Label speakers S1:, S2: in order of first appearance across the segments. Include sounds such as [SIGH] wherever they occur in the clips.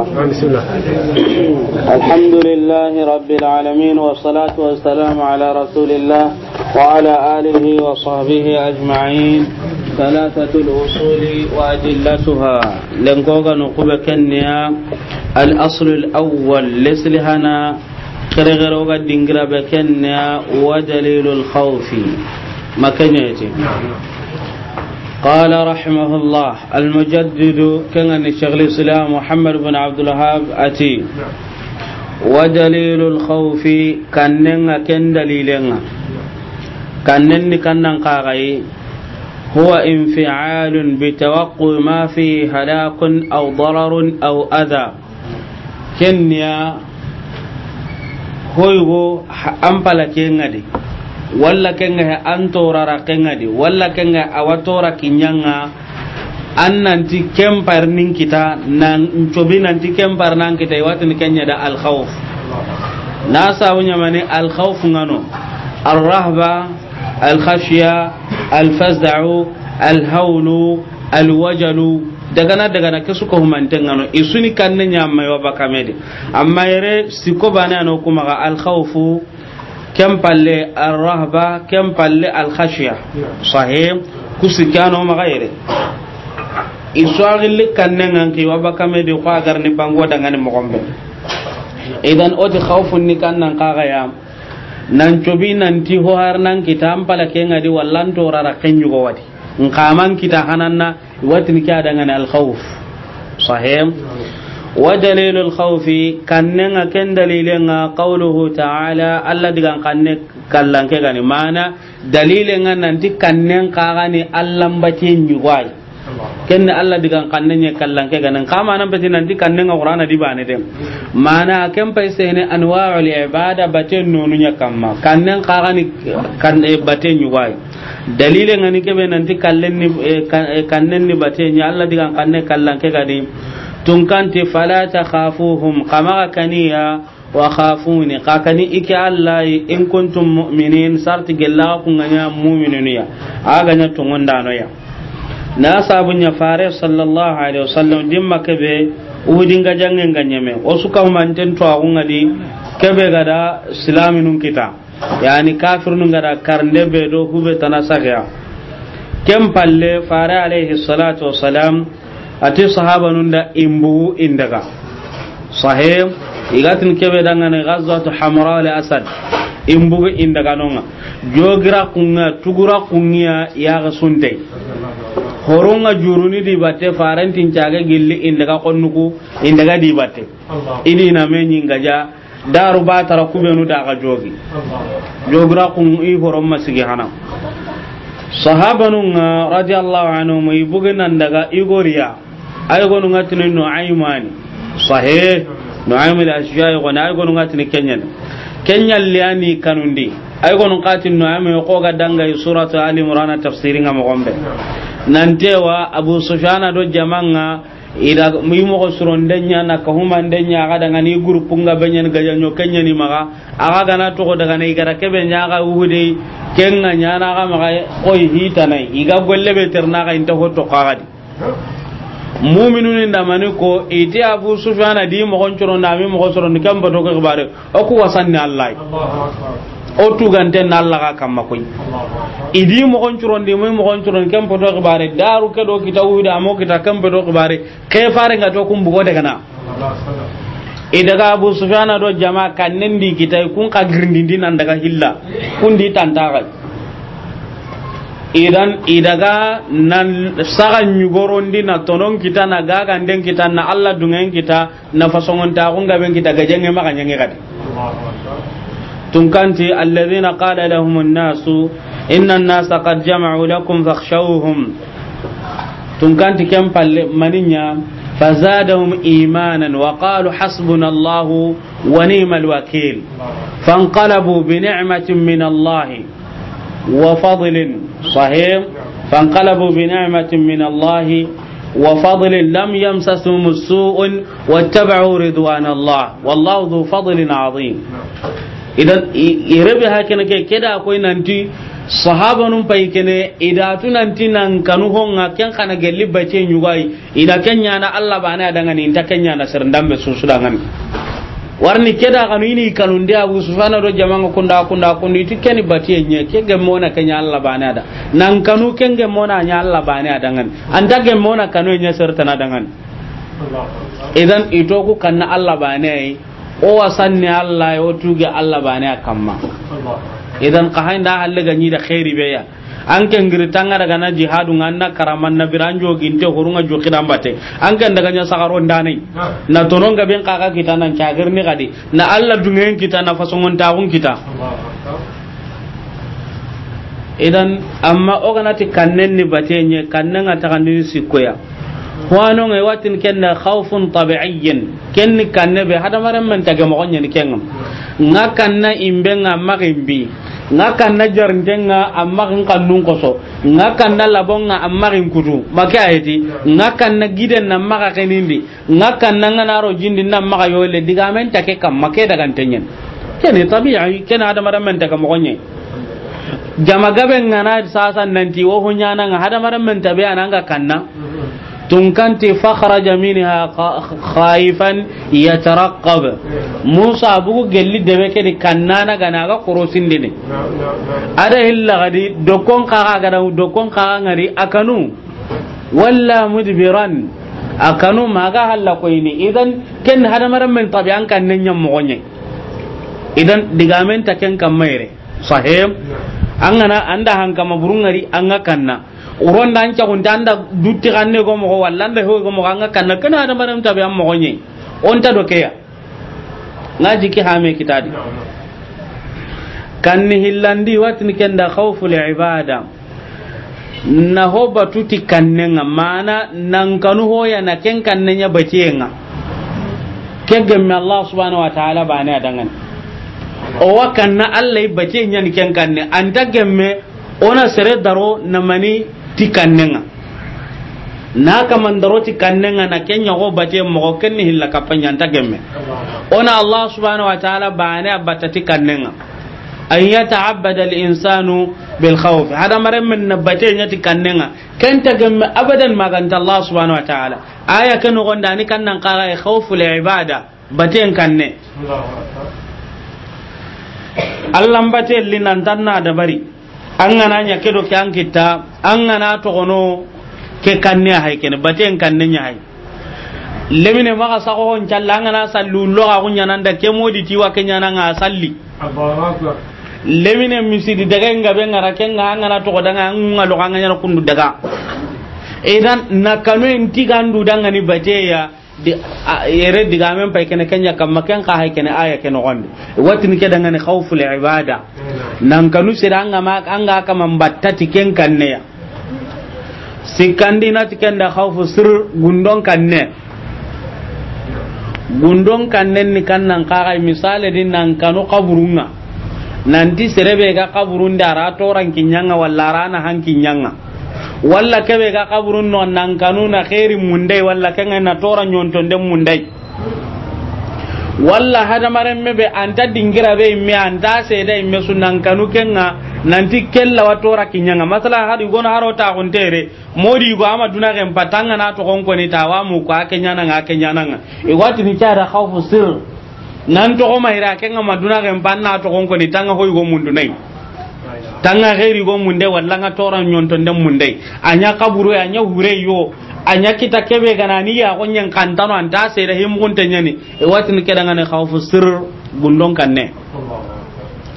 S1: بسم الله
S2: الحمد لله رب العالمين والصلاة والسلام على رسول الله وعلى آله وصحبه أجمعين ثلاثة الأصول وأدلتها لنقوغا نقوبة كنيا الأصل الأول لسلهنا كرغروغا دنقرا بكنيا ودليل الخوف ما كنيتي نعم قال رحمه الله المجدد كان شيخ الاسلام محمد بن عبد الوهاب اتي ودليل الخوف كان كن دليلنا كان كان قاغي هو انفعال بتوقع ما فيه هلاك او ضرر او اذى كنيا هو امبلا كينغدي walla kenga he an torara kenga di wala kenga awatora kinyanga an nanti kempar ning kita nang ncobi nanti kempar nang kita ni kenya da al khawf na sawunya mani al khawf ngano al rahba al khashya al fazda'u al hawlu al wajalu dagana dagana ko suko ngano isuni kanne nyamma yo bakamede amma yere siko bana no kuma al khawfu كم بالي الرهبة كم بالي الخشية صحيح مغيره kame di agar ni bango dangani idan odi khawfun ni kannan kaga ya nan cobi nan ti ho har nan kita ampala ke ngadi wallan to rara kenyugo wadi nkaman kita hananna watin kya dangani al khawf ودليل الخوف كننا كن دليلنا قوله تعالى الله دغان كن كلان كغاني معنى دليلنا ننتي كنن كغاني الله باتين يغاي ken Allah digan kanne nya kallan ke ganan kama nan bati nan dikan nan qur'ana di bane dem mana ken pai sai ne anwa'ul ibada baten nonu nya kamma kannen qarani kan e eh, baten yu wai dalile ngani ke be nan dikan len ni eh, eh, kannen ni baten nya Allah digan kanne kallan ke tunkanti fala khafuhum kama kaniya wa khafuni kakani iki allah in kuntum mu'minin sarti gella nganya mu'minin ya aganya wanda no ya na ya fare sallallahu alaihi wasallam makabe udin ga jangen ganyeme osuka manten to ali kebe gada islaminun kita yani kafirun gada karnde be do hube tanasagya kem palle fare alaihi salatu wasalam ati sahaba nun da imbu indaga sahim igatin kebe dangane ghazwatu hamra li asad imbu indaga nonga jogira kunga tugura kunya ya gasunte horonga juruni di batte farantin caga gilli indaga konnuku indaga di batte ini na menyi ngaja daru ba tara kubenu da ga jogi jogira kun i horon masigi hana sahabanunga radiyallahu anhu mai nan daga igoriya ay gonu ngatini ayman sahih nu'ayman al-ashja'i gona ay gonu ngatini kenyan kenyan liani kanundi ay gonu qatin ayman ko ga danga suratu ali imran tafsirin ga mogombe nantewa abu sufyana do jamanga ida muy mo ko suron denya na ko huma denya ga daga ni grupu nga benyen ga nyo kenya ni maga aga gana to ko daga ni gara kebe nya ga kenna nya na ga maga oy hita nai iga golle be terna ga inta ho to qagadi muminuni ndamani ko ite abu sufyana di mogon coro ndami mogo ni ken bato ko bare o ku wasanni allah o tu tuganten na allah ka kamma koy idi mogon curondi muy mogon curondi ken ko bare daru ke do kita wuhida amo kita ken ko bare ke fare farenga to kum bugo degana i daga abu sufyana do jama kannen di kitay kun ka girindindi nan daga hilla kun di tantaxay idan idaga nan sagan nyugorondi na tonon kita na gagan den kita na Allah dungen kita na fasongon ta kun gaben kita ga jenge maka nyenge kadi tunkanti alladhina qala lahum an-nasu inna an-nasa qad jama'u lakum fakhshawhum tunkanti kam palle maninya فزادهم إيمانا وقالوا حسبنا الله ونعم الوكيل فانقلبوا بنعمة من الله وفضل صحيح فانقلبوا بنعمة من الله وفضل لم يمسسهم السوء واتبعوا رضوان الله والله ذو فضل عظيم إذا يربي هكذا كده أكوي ننتي sahaba nun pai kene ida tunanti nan kanu honga ken kana gelli bace nyugai ida kenya na Allah bana daga ni ta kenya na sirndambe susu dangan warni keda kanu ini kanundi abu sufana do jamanga kunda kunda kundi ti keni batiye nye ke gemona nya Allah bani ada nan kanu ken gemona nya Allah bani ada ngan anda gemona kanu nya serta na dangan idan ito ku kanna Allah bani ai o wasanni alla o tuge Allah bani akamma idan qahinda da halle ganyi da khairi beya an ken ngiri tanga daga na jihadu nganna karaman na biranjo ginte horunga jo kidan bate an ken daga nya sagaro ndane na tonon ga ben kaka kita nan chagir ni kadi na alla dungen kita na fasongon taun kita idan amma oganati kannen ni batenye kannen ata kanin sikoya wano ngai watin kenna khawfun tabi'iyyin kenni kanne be hada maran man taga mo gonya ni kenga ngakanna imbe nga magimbi nga kan na jarntenga amma kan kannun koso nga kan na nga amma kan kutu maka ayeti nga kan na giden na maka kenindi nga kan na ngana naro jindi na maka yole diga men take kam make daga tenyen kene tabi'i kene adam adam men take mokonye jama gaben ngana sasa nanti wo hunyana nga adam adam men tabi'a nga kanna tunkanti fakhraja minha khaifan yatarqab musa bugu gelli debe ke di kannana gana ga korosin dine ada illa gadi dokon kaga gada dokon kaga ngari akanu walla mudbiran akanu maga halla ko ini idan ken hada maran min tabi'an kan nan nyam mogonye idan digamen ta ken kan sahem angana an anda hankama maburungari an kanna uronda an cagun ta anda dutti ganne go mo walla anda ho go mo ganga kanna kana da maram tabi am mo nyi on ta do keya ngaji ki ha me kitadi kan ni hillandi watni kenda li ibada na hoba tuti kannenga mana nan kanu hoya na ken bace nga. Ke gemme Allah subhanahu wa ta'ala bane adangan o wa wakanna Allah bace ni ken kanne anta gemme ona sere daro namani ti kannenga na kamandaro ti kannenga na kenya go bace mo kenni hilla kapanya ta gemme ona allah subhanahu wa ta'ala bane abata ti kannenga an yata'abbada al-insanu bil khawf hada maram min nabate nyati kannenga kan ta gemme abadan maganta allah subhanahu wa ta'ala aya kan gonda ni kannan qara e khawfu li ibada baten kanne allah batel linan tanna da bari an gana nya ke ke an kitta an gana to gono ke kan ne kanne hay kene baten kanne nya hay lemine maka sako hon challa an gana sallu lo ga gunya nan da ke modi tiwa ke nya nan ga salli lemine misidi daga ngabe ngara ke nga an gana to godanga an ngalo ga nya kundu daga idan nakanu intiga ndu danga ni bateya yere diga men pay kene kenya kam maken ka hay kene aya kene gonde watin ke dangane khawful ibada nan kanu siranga ma anga kama mambatta tiken kanne ya sikandi na tiken da khawfu sir gundon kanne gundon kanne ni nan ka kai misale din nan kanu qabrunga nanti serebe ga qabrun da ra toran kinyanga walla rana han kinyanga walla kebe ga kaburun no nan kanuna khairi mundai walla kanga na tora nyonton dem mundai walla hada maren mebe anta dingira be me anta se dai me sunan kanu kenga nanti kella wa tora kinyanga masala hadu gona haro ta gontere modi go ama duna gem patanga na to gonko ni tawa mu kwa kenyana nga kenyana nga e wati ni cara khawfu sir nan to go ira kenga maduna gem panna to gonko ni tanga hoy go mundu nai tanga heri go munde walla nga tora nyonto ndem munde anya kaburu anya hure yo anya kita kebe gana ni ya nyen kantano anta se re himu tanya nyani e watin keda ne khawfu sir gundon kanne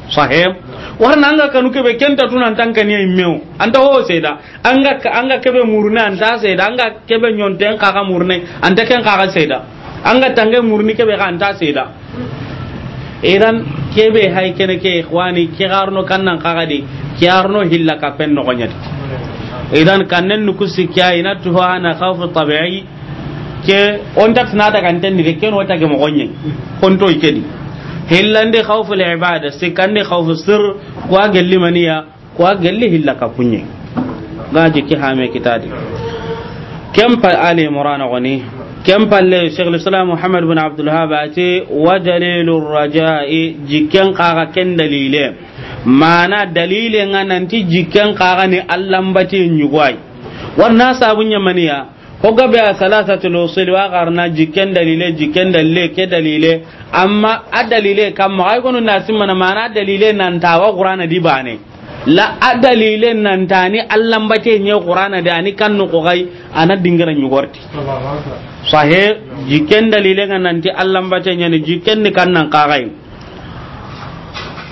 S2: sahib warna anga kanu kebe kenta tuna antanka ni imeu anta ho seda anga anga kebe murna anta seda anga kebe en kaka murne anta ken kaka seda anga tanga murni kebe anta seda idan kebe hay kene ke ikhwani ke garno kannan kagadi ke garno hilla ka penno no gonyati idan kannen nu kusikya ina tuho ana khawfu tabi'i ke on tak na daga tan ni ke no ta ke mo gonye kon to ikedi hillande khawfu al-ibada sikande khawfu sir ko agelli maniya ko agelli hilla ka punye gaji ki hame kitadi kem pa ali murana goni كم قال شيخ الاسلام محمد بن عبد الوهاب اتي ودليل الرجاء جكن قاغا كن دليل معنى دليل ان انت جكن قاغا ني اللمبتي نيغواي ko gabe a salasatu lusul wa garna jiken dalile ke dalile amma a dalile kam ma ay gonu nasim mana mana dalile nan tawa ne. la adalile nan tani allan bace nye qur'ana da ani kan no kogai ana dingara nyu gorti sahe jiken dalile ngan nanti allan bace ne ni jiken ni kan nan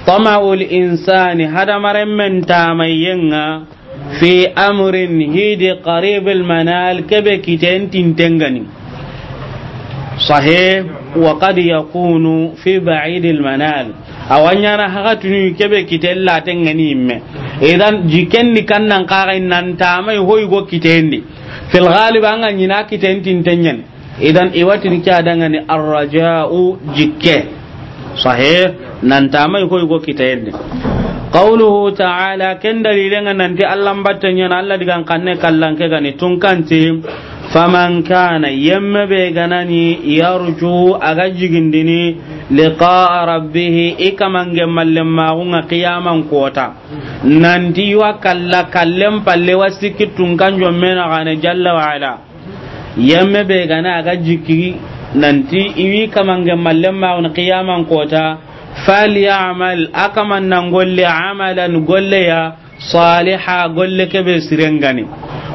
S2: tama ul insani hada manta men tamayyenga fi amrin hidi qaribul manal kebe kiten tintengani صحيح وقد يكون في بعيد المنال او ان يرى هغتني كبه كتلا تنغنيم اذا جكن كان ننقاغي ننتامي هو كتيني في الغالب ان ينا كتين تنتنين إذن إواتني كادنغني الرجاء جك صحيح ننتامي هو كتيني قوله تعالى كن dalilen ان ti Allah battanya الله digan kanne kallan ke gani faman kana yamma be ganani yarju aga jigindini liqa rabbih ikamange mallem magunga qiyaman kota nanti wa kalla kallem palle wasiki tungan jommena gane jalla wa ala yamma be gana aga jiki nanti iwi kamange mallem magunga qiyaman kota ya'mal akaman nan golle amalan golle ya saliha golle kebe sirengani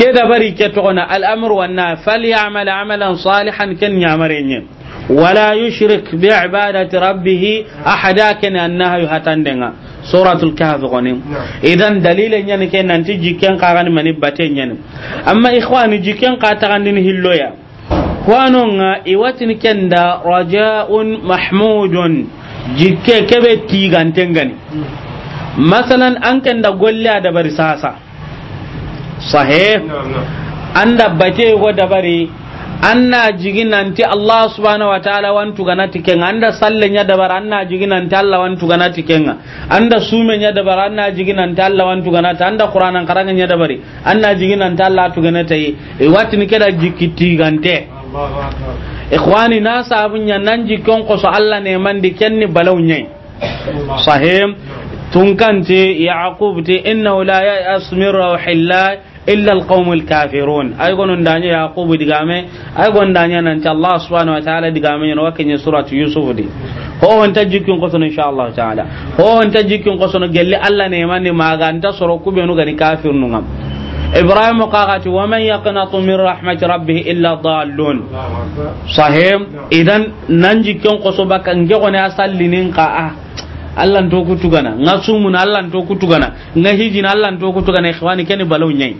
S2: ke da bari ke tokona al'amru fali amala amalan salihan ken nyamare ne wala yushrik bi ibadati rabbih ahada ken annaha denga suratul kahf gonin idan dalilin yan ken nanti ka gani mani bate yan amma ikhwani jiken ka ni hilloya kwanonga iwatin kenda raja'un mahmudun jikke kebe tigantengani masalan an kenda golle da bari sasa sahih anda dabari anna jiginanti allah subhanahu wa ta'ala wantu gana tikenga anda allah wantu anda allah wantu anda qur'anan dabari anna allah tu e keda jikiti gante ikhwani na sabun nya nan jikon ko so allah ne mandi kenni balaw nyai sahim tunkanti yaqub ti innahu la illa alqawmul kafirun ay gonon danya yaqub digame ay gon danya nan ta allah subhanahu wa ta'ala digame no wakenya surat yusuf di ho on ta jikin ko sono insha allah ta'ala ho on ta jikin ko sono gelle allah ne man ni maga anta soro kube no gani kafir nu ngam ibrahim qagati wa man yaqnatu min rahmati rabbih illa dallun sahim idan nan jikin ko so bakan ge gona sallinin qa'a allah to kutugana nga sumuna allah to kutugana nga hijina allah to kutugana ikhwani kene balaw nyai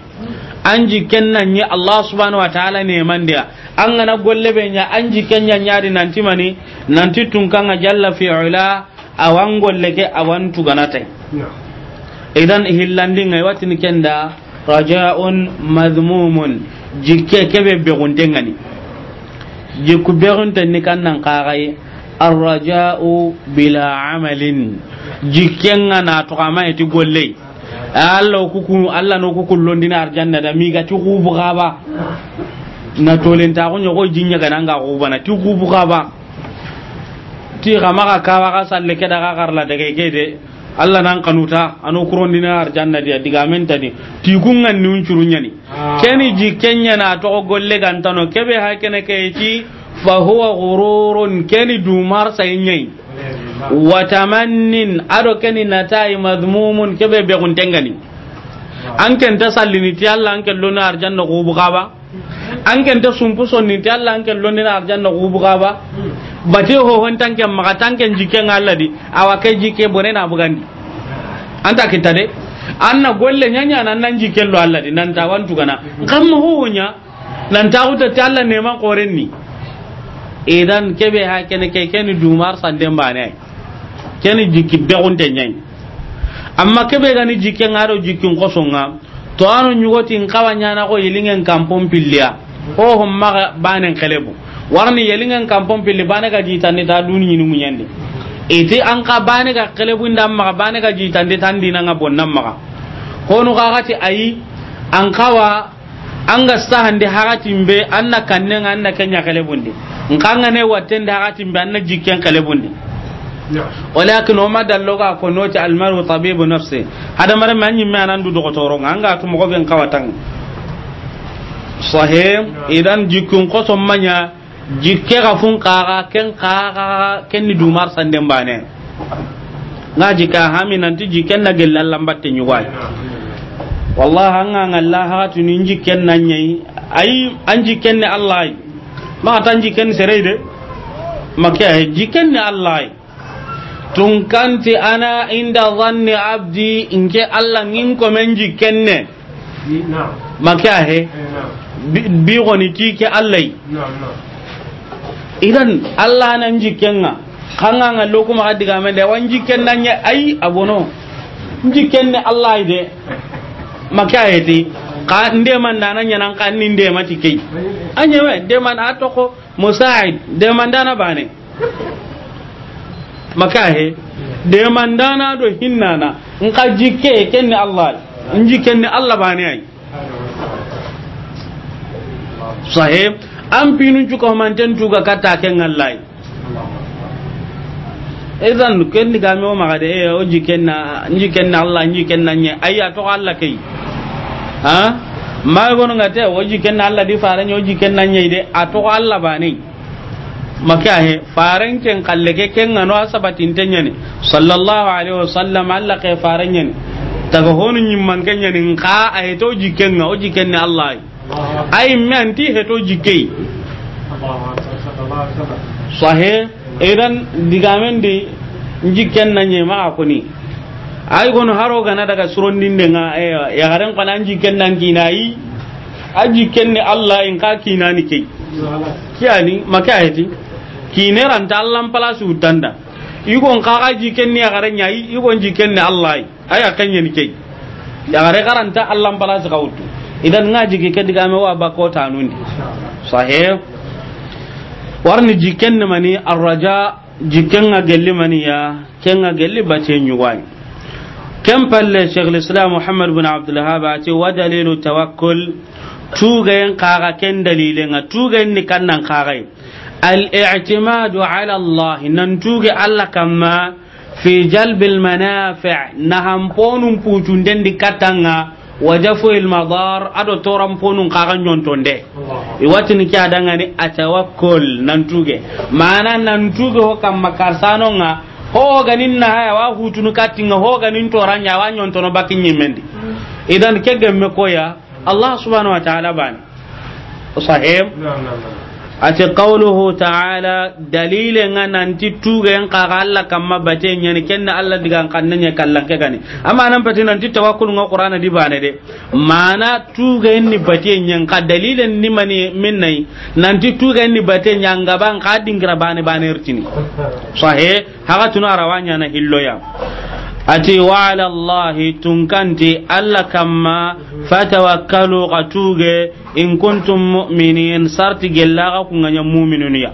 S2: anji kenna nyi allah subhanahu wa ta'ala ne mandia an gana golle be nya anji kenya nyaari nanti mani nanti tunkanga jalla fi ula awan golle ke awan tugana tai idan hillandi ngai watini kenda raja'un madhmumun jikke kebe begunte ngani jikku begunte ni kannan kaagaye arraja'u bila amalin jikenga na to kama eti golle Allah kukunu Allah no kukullon dina arjanna da mi ga tuku bugaba na tolen ta kunyo ko jinya ga nan ga bana tuku bugaba ti kama ka kawa ka salle ke daga karla daga ke de Allah nan kanuta ano kuron dina arjanna dia diga menta ni ti kungan ni unchurunya ni keni jikenya na to golle gantano kebe hakene ke ci fa huwa ghururun keni dumar sayinyai wa tamannin ado keni natai madhmumun kebe be guntengani an ken ta sallini ti Allah an kello na arjanna ko buka ba an ken ta sumpu sonni ti Allah an kello na arjanna ko buka ba bate ho hon tanke maka tanke jike ngalla di ke jike bone na bugandi anta kita de anna golle nyanya nan nan jike lo Allah di nan ta wantu kana kam ho nya. nan ta huta ta Allah neman koren ni idan kebe ha kene ke keni dumar sanden bane keni jikki begun te nyai amma kebe gani jikke ngaro jikkin kosonga to anu nyugoti nkawa nyana ko yilingen kampon pilliya ho homma bane kelebu warni yelingen kampon pilli bane ga jitande ta duni ni munyande iti an ka bane ga kelebu ndam ma bane ga jitande tan dinanga bonnam ma hono ka ayi an kawa anga hande haratin be anna kanne anna kanya kale bundi nkanga ne watten da haratin be anna jikken kale bundi walakin o ma dallo ga ko noti almaru tabibu nafsi hada mar man yimme anan du dogo toro anga to mo ben kawatan sahim idan jikun ko to manya jikke ga fun qara ken qara ken ni dumar sande bane nga jika hami nanti jikken na gelal mbatte nyuwai wallahi an ga ngalla ha tuni inji ken nan yayi ai an ji ken ne Allah ai ma ta ji ken sere de maka ji ken ne Allah ai tun kanti ana inda zanni abdi inke Allah ngin ko men ji ken ne maka he
S1: eh,
S2: bi goni ki ke Allah ai idan Allah nan ji ken nga kanga nga lokuma hadiga men de wan ji ken nan yayi abono ji ken ne Allah ai de makayeti ka ndeman dana nyanan kan ni ndema tikei anyewe deman atoko musaid man dana bane makahe deman dana do hinnana nka jike e kenni allah nji ni allah bane ai an pinun cuka manten tuga kata ken allah idan kenni game o magade e o jikenna nji kenna allah nji kenna nye ha ma gonu ngate waji kenna Allah di faran yo ji kenna nyi de ato Allah bani maka he faran ken kalle ke ken ngano asabatin tenya ni. sallallahu alaihi wasallam Allah ke faran yen daga honu nyi man kenya ne ka ay to ji kenna o ji kenna Allah ay men ti he to ji kei sahih idan digamen di ji kenna nyema akuni ay gon haro gana daga suron din de nga eh, ya haran kana anji nan kinai aji kenne allah in ka kinani ke kiani maka ayati kine ranta allah palasu utanda igon ka aji kenne ya haren nyai igon ji kenne allah aya kanye ni ke ya hare garanta allah su kautu idan ngaji ke diga me wa bakota nundi sahih warni jiken mani arraja ji ga gelli mani ya ken ga gelli bace nyuwai كم بل شيخ الإسلام محمد بن عبد الوهاب أتي ودليل التوكل توغين قاغا كن دليلنا توغين نكنا قاغي الاعتماد على الله ننتوغي الله كما في جلب المنافع نهم بونم بوجون دين دي كتنغا وجفو المضار أدو تورم بونم قاغا نيونتون دي iwatini ke adangani atawakkol nantuge mana nantuge ho kamma karsanonga hoganin na haya wa hutunu katinga hoganin toranya wa nyontono bakin yimendi idan ke gemme koya allah subhanahu wa ta'ala bani sahib ati qawluhu ta'ala dalile nga nanti tuga yang kaga Allah kamma bate nyani kenna Allah diga kanne nya kallan ke gani amma nan bate nanti tawakkul nga qur'ana di bane de mana tuga ni bate nyan ka dalile ni mani minnai nanti tuga ni bate ga ban ka dingra bane bane rtini sahe haga tuna rawanya na hilloya ati wa ala allahi tunkanti alla kamma fatawakkalu qatuge in kuntum mu'minin sarti gellaga kunganya mu'minun ya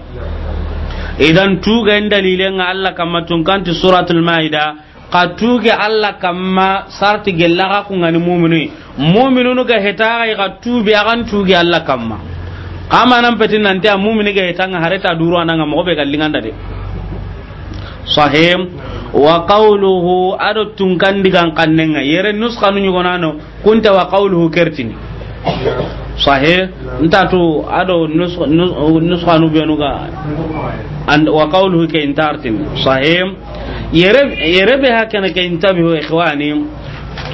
S2: idan tuga dalile nga alla kamma tunkanti suratul maida qatuge alla kamma sarti gellaga kungani mu'minun mu'minun ga heta ga tubi agan tuge alla kamma kama nan petin nan ta mu'mini ga nga hareta duru ananga mo be kallinganda de sahim wa qawluhu ado tun kandigan kannenga yere nuska nu ñugonano kunta wa qawluhu kertini sahe to ado nuska nu be nuga and wa qawluhu ke intartini sahim yere yere be hakana ke intabi ho ikhwani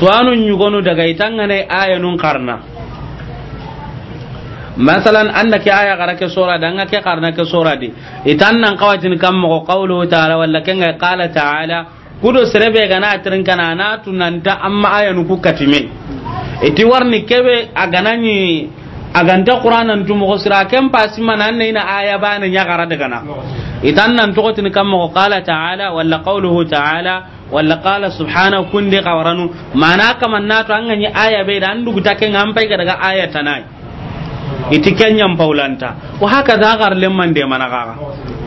S2: to anu ñugonu daga itangane aya nun karna masalan anna ke aya gara ke sura dan anga ke karna ke sura di itan nan kawajin kan mo qawlu ta'ala walla ken ga qala ta'ala kudo serebe gana atrin kana na tunanta amma aya nu ku katime iti warni kebe aganani aganta qur'anan tu mo sura ken pasima nan ne ina aya ba nya gara daga na itan nan to tin kan mo qala ta'ala walla qawluhu ta'ala walla qala subhanahu kun de qawranu mana kamanna to an ganyi aya be da an dugu take ngam pai daga aya tanai iti kenyan paulanta wa haka da gar de mana gaga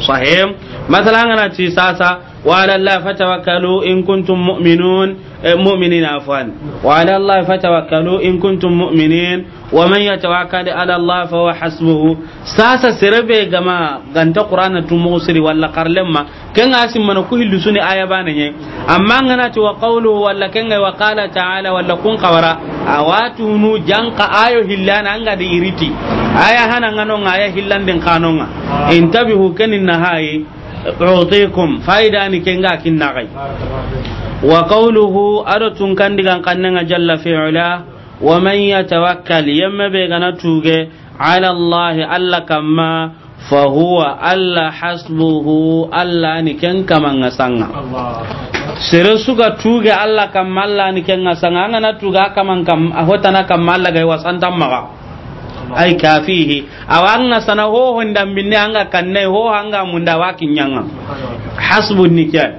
S2: sahim masalan ana ci sasa wa ala la fatawakkalu in kuntum mu'minun المؤمنين عفوا وعلى الله فتوكلوا إن كنتم مؤمنين ومن يتوكل على الله فهو حسبه ساسا سربي جماعة غنت قرآن تموسري ولا قرلما كن أسم من كل سنة آية بانية أما أنا توقوله ولا كن وقال تعالى ولا كن قورا أواتون janka ayo hillana anga di iriti aya hana ngano ngaya hillan den kanonga intabihu كن nahayi u'tikum faida ni kenga kin nagai wa qawluhu adatun tun kan digan kannanga jalla fi'ala wa man yatawakkal yamma be gana tuge ala allah alla kamma fa huwa alla hasbuhu alla ni ken kamanga sanga sere suga tuge alla kamma alla ni ken sanga ngana tuga kamanga hotana kamma alla ga wasantam maga ay kafihi aw awanga sana ho honda minne anga kanne ho anga munda nyanga hasbun nikya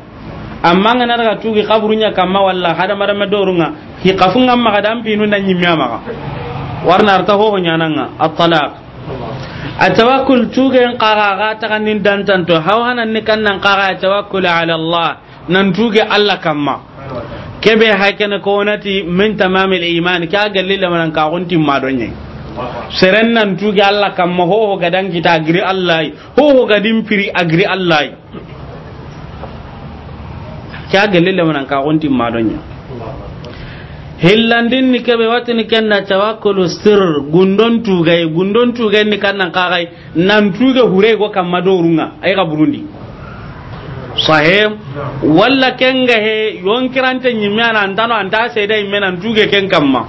S2: amma ngana daga tugi qabrunya kama walla hada marama dorunga hi kafunga maga dampi nu na nyimya maga warna arta ho ho nyananga at-talaq at tawakkul tuge en qaga ga ta kanin dantan haw hanan ne kan nan qara tawakkul ala allah nan tuge allah kama kebe hakene ko nati min tamamil iman ka galle lamanan ka gunti madonye serennan tuge allah kamma hoho gadan kita agiri yi hoho gadin piri agri allahy kya gelle lemanan ka gontin madonya hillandin ni kebe watini kenna tawakkulu sir gundon tuge gundon tuge ni kannan kakay nan tuge hure go kamma dorunga ay ka burundi sahim walla ga he yonkirante nyimya nan tano anta sedai mena tuge ken kamma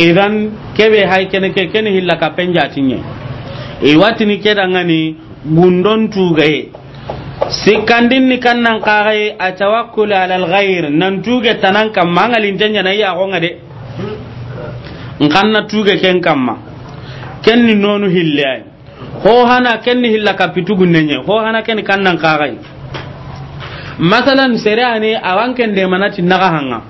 S2: idan kebe hai kene ke kene hilla ka penja tinye e watini keda ngani gundon tugaye sikandin ni kannan kagai a tawakkul ala alghair nan tuge tanan kam mangalin tanya na a gonga de nkanna tuge ken kamma ken ni nonu hillay ho hana ken ni hilla kapitu gunnenye ho hana ken kannan kagai masalan sere ani awanken de manati naga hanga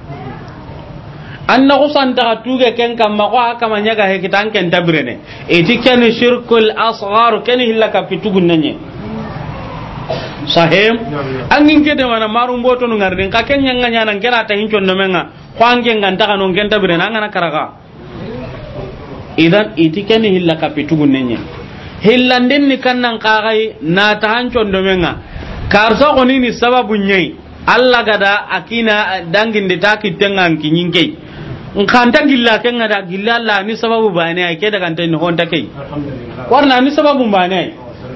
S2: an na usan ta tuge ken kam ma kwa kama nyaga he kitan ken tabrene eti ken shirkul asghar ken hilla ka fitugun nanye sahem angin kede wana marum boto no ngarden ka ken nyanga nyana ngera ta hincho no menga kwange nganta kanu ngen tabrene angana karaga idan iti ken hilla ka fitugun nanye hillandin ni kannan kagai na ta hancho no menga karso ko ni sababu nyai Allah gada akina dangin ta de takitengan kinyinkai nkanta gilla ke ngada gilla la ni sababu bane ay ke daga ante ni honta ke warna ni sababu bane ay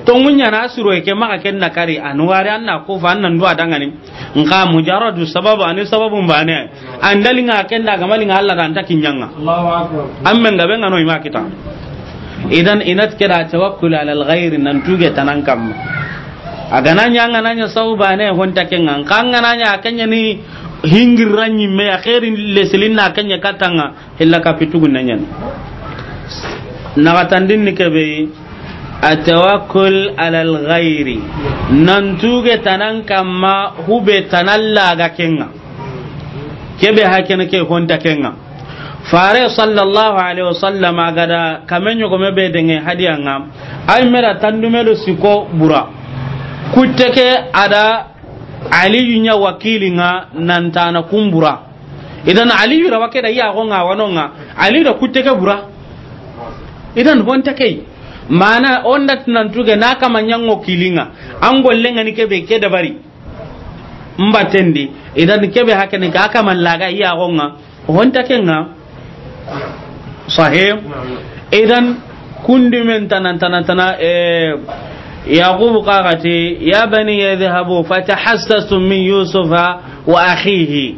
S2: to munya na suru ke ka ken na kari anwari anna ko fa nan duwa danga ni nka mujaradu sababu ani sababu bane ay andali nga ken daga mali nga Allah dan takinyanga Allahu akbar amma no ima kita idan inat kira tawakkul ala alghair nan tuge tanan kam aga nanya nanya sababu bane honta ke ngan nanya kenya ni hingir ranyi me ya khairin leselin na kanya katanga illa ka fitugun na nagatandin ni kebe atawakkul ala ghairi nan tuge tanan kamma hube tanalla ga kenga kebe hakene ke honta kenga fare sallallahu alaihi wasallam agada kamenyo ko mebe denge hadiya ngam ay mera tandumelo siko bura kutteke ada aliyu nya wakili nga nantana kumbura idan aliyu ra wake da iya gonga wanonga aliyu da kuteke bura idan bonta kai mana onda tunan tuge na kama nyango kilinga an gollenga ni kebe ke da bari mbatendi idan kebe hake ni ka kama laga iya gonga honta kenga sahib idan kundi men tanan tanan tana eh yaqub qagati ya bani yadhhabu fatahassasu min yusufa wa akhihi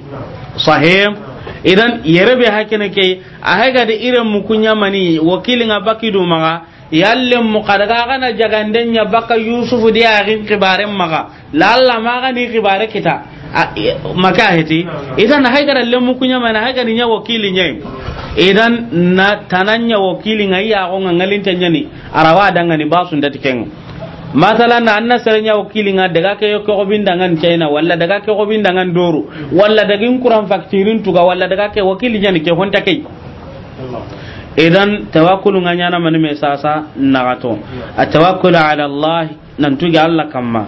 S2: sahih idan yere be hakene ke a haga da irin mukunya mani wakilin abaki do maga yalle mu kadaga kana jaganden ya baka yusuf di arin kibaren maga lalla maga ni kibare kita maka heti idan haga da lemu mukunyamani mana haga ni ya wakilin yayi idan na tananya wakilin ayi a gonga ngalin tanyani arawa dangani basun da tikenga masala na anna serenya wakili nga daga ke ko binda ngan china walla daga ke ko binda ngan doru walla daga kuran faktirin tuga walla daga ke wakili nyani ke honta kai idan tawakkulu nga nyana mani me sasa nagato atawakkulu ala allah nan tuga allah kamma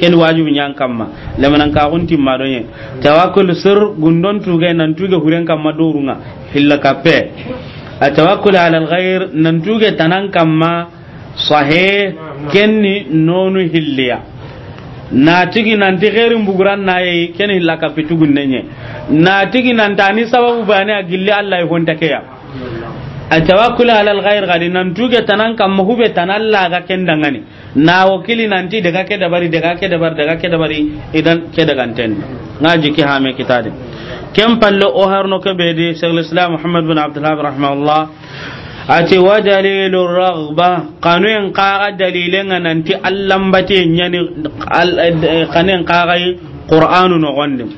S2: ken wajibi nyan kamma lamanan ka gunti madonye tawakkul sir gundon tuga nan tuga huren kamma doru nga hilla kape atawakkul ala alghair nan tuga tanan kamma sahih kenni nonu hilliya na tigi ti gheri mbuguran na yayi kenni hilla ka fitugun nenye na tigi ta ni sababu bane a gilli Allah ya honta keya a tawakkul ala alghair gadi nan tuge tanan kam mahube tanan la ga ken na wakili ti daga ke dabari daga ke dabari daga ke dabari idan ke daga ten ngaji ki ha me kitade kem palle o harno ke be de Sheikh Muhammad bin Abdul Wahhab rahimahullah ati wa dalilur raghba kanun qara dalilan nan ti allan bate nyani kanen qara qur'anu no gonde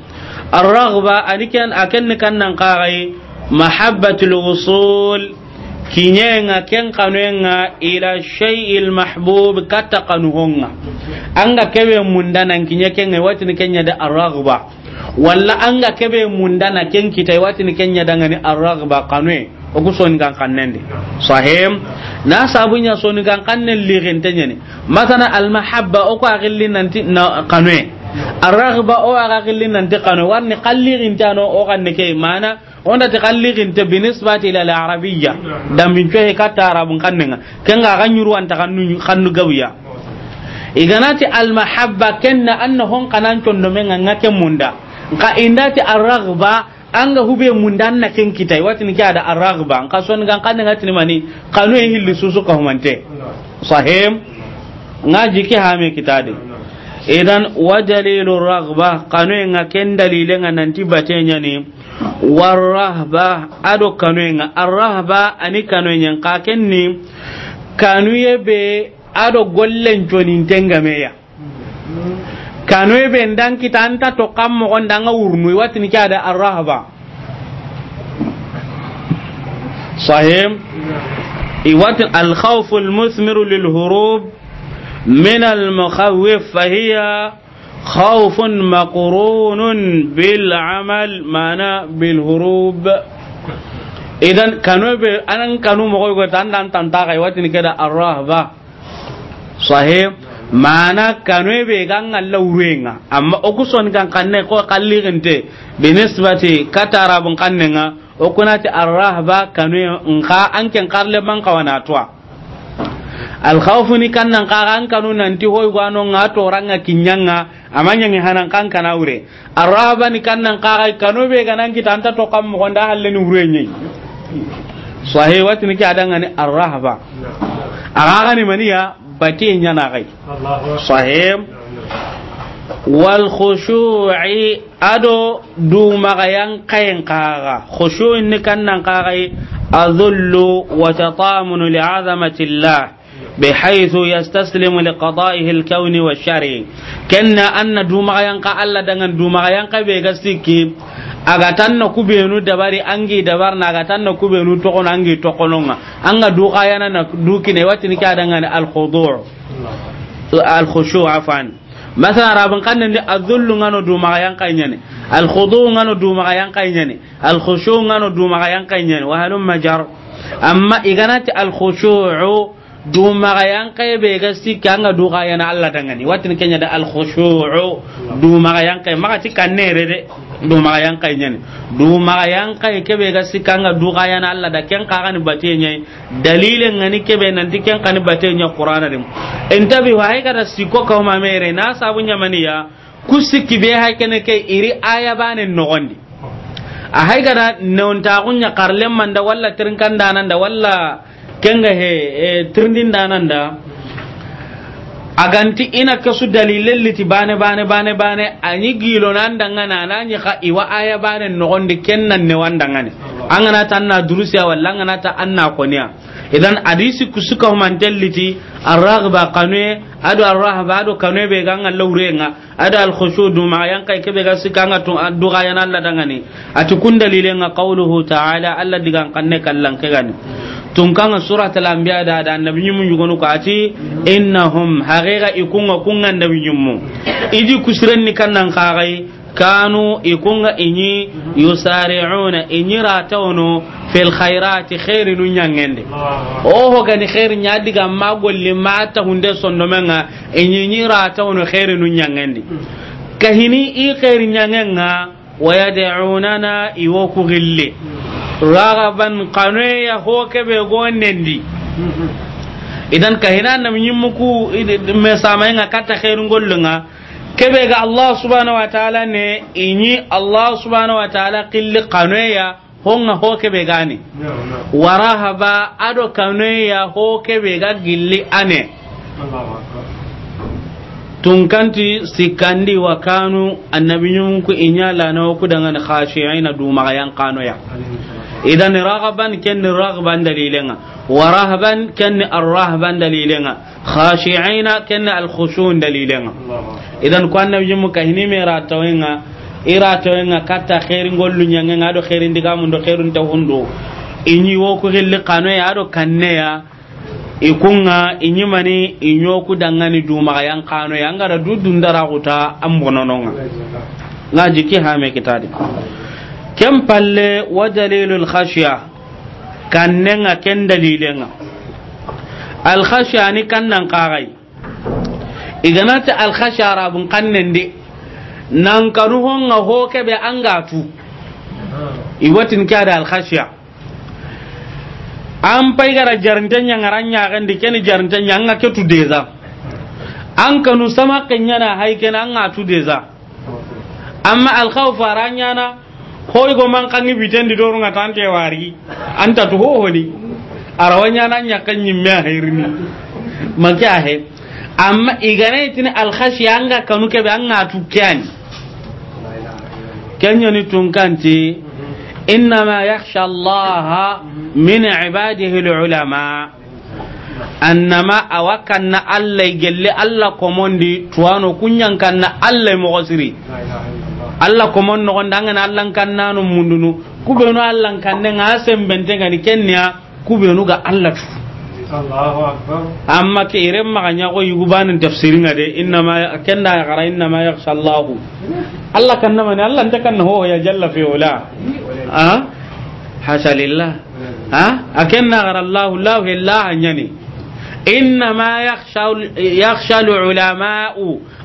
S2: ar-raghba anikan akan kan nan qara mahabbatul wusul kinyenga ken kanenga ila shay'il mahbub kata kanuhonga anga kebe mundana kinye ken ni kenya da ar-raghba walla anga kebe mundana ken kitai ni kenya dangani ar-raghba kanwe ogu soni kan kannen de sahim na sabunya soni kan kannen lirin tanya ne matana al mahabba o ko agilli nanti na kanwe arghba o agilli nanti kanwe warni qallirin tano o kan ke mana onda ta qallirin ta binisbati ila al arabiyya dan bin fe ka ta arabun kannenga kenga kan yuru anta kannu kannu gawiya iganati al mahabba kenna annahum kanan condo men ngake munda ka indati arghba anga hube mundan na ken kitai watin ka da aragba an kason gan kan nga tin mani kanu e hilli susu ka humante sahim ngaji ki kitade idan wajalilu ragba kanu e nga ken dalile nga nanti batenya ni warrahba ado kanu nga arrahba ani kanu ka ken ni kanu ye ado gollen jonin tengameya kanu be ndan kita anta to kam mo ndanga urnu watini kada arrahba sahim iwat al khawf al muthmir lil hurub min al mukhawif fa hiya خوف مقرون بالعمل معنا بالهروب idan kanu be anan kanu mo ko tan tan tan ta kai watini kada arrahba sahib mana kanoe be gan alla wenga amma o kuson kan kanne ko kalli gente bi nisbati katara bun kanne nga o kunati arrahba kanoe nka anken karle man kawana toa al khawfu ni kan nan ka kan kanu nan ti hoy gwano nga to ranga kinyanga amanya ngi hanan kan kana ure arrahba ni kan nan ka kanoe be ganan kitanta to kam mo nda halle ni urenyi sahi wati ni kadan ngani arrahba aga ni ya bati nya na kai sahi wal khushu'i ado du magayan kayan kaga khushu'in ni kannan kaga azullu wa tatamunu li azamati llah بحيث يستسلم لقضائه الكون والشرع كنا أن دوما ينقى ألا دنgan دوما ينقى بيغستيكي aga tan na kubenu dabari angi dabar na aga tan na kubenu tokono angi tokononga anga du ayana na du kine wati ni kada ngani al khudu' al khushu' afan masana rabin kanne ni azullu ngano du ma yan kanyane al khudu' ngano du ma yan kanyane al khushu' ngano du ma yan kanyane wa halum majar amma iganati al khushu' du ma yan kay be ga sikka anga du ayana Allah dangani wati ni kenya da al khushu' du ma yan kay ma ti kanne re de du ma yan kai nyen du ma kebe ga sikanga du ga yana Allah da ken ka kan bate nye dalilin ngani kebe nan di kan bate nye qur'ana dim entabi wa ga da siko ka ma mere na sabu be ha kene ke iri aya bane nogondi a haiga da neunta kunya karlen walla tirin kan da nan da walla kenga he eh, da nan da aganti ina kasu dalilin liti bane bane bane bane anyi gilo nan dangana na anyi ka iwa aya bane nogonde kennan ne dangane an gana ta anna durusiya walla an gana ta anna koniya idan adisi kusuka humantel liti arraghba kanue ado arraghba ado kanue be ga ngal lawre nga ado al khushu yan kai kebe ga sika nga tun yana Allah dangane ati kun dalilin nga qawluhu ta'ala Allah digan kanne kallan ke tun kanga surat da da annabi mun yugo ko ati innahum haqiqa ikunga kunga annabi mu idi kusiren ni kannan kagai kanu ikunga inyi yusari'una inyi ratawno fil khairati khairin nyangende oho ho gani khairin nyadi ga ma mata ma ta hunde sondo menga inyi nyi ratawno khairin nyangende kahini i khairin nyangenga wayad'unana yad'unana iwoku gille ragaban kanwe ya ho kebe go nendi idan kahina nam muku me samay nga kata khairun gollunga kebe ga Allah subhanahu wa ta'ala ne inyi Allah subhanahu wa ta'ala qilli kanwe ya honga ho kebe wa rahaba ado kanwe ya ho kebe ga gilli ane tunkanti sikandi wa kanu annabiyun ku inyala na ku dangan khashi'ina du magayan kanoya idan raghaban ken raghaban dalilenga wa rahban ken ar-rahban dalilenga khashi'ina ken al-khushu'un dalilenga idan ko annabi mu kahini me ratawinga iratawinga kata khairin gollu nyanga ngado khairin diga mundo do khairun ta hundo inyi wo ko gelle kano ya do kanne ya ikunga inyi mani inyo ku dangani duma yan kano ya ngara dudun dara kuta ambonononga ngaji ki me kitadi ken palle wa dalilul khashiya kannenga ken dalilenga al khashiya ni kannan qarai ta al khashiya rabun kannen de nan kanu honga ho kebe angatu iwatin da al khashiya an pai gara yan aranya kan dikeni yan ga ketu deza an kanu sama kenyana haikena anga tu deza amma al khawfa ranyana hoy go man kangi biten di runga tan ke wari anta to ho ni arawanya nan ya kan nyimme a herni manke a he amma igane tin al khashi anga kanu ke an tukyan kenyo ni tunkanti innama yakhsha allah min ibadihi al ulama annama awakan na gelle allah komondi tuwano kunyan allai Allah ko mon no ndanga Allah kan nanu mundunu ku be Allah kan ne nga sembente ngani kenya ku be no ga Allah tu amma ke iren maganya ko yugu banin tafsirin ade inna ma kenda ya gara inna ma yakhsha
S1: allah
S2: kan kanna ne Allah ta kanna ho ya jalla fi ula ha hasalillah ha akenna gara allah la ilaha illa anyani inna ma yakhsha yakhsha ulama'u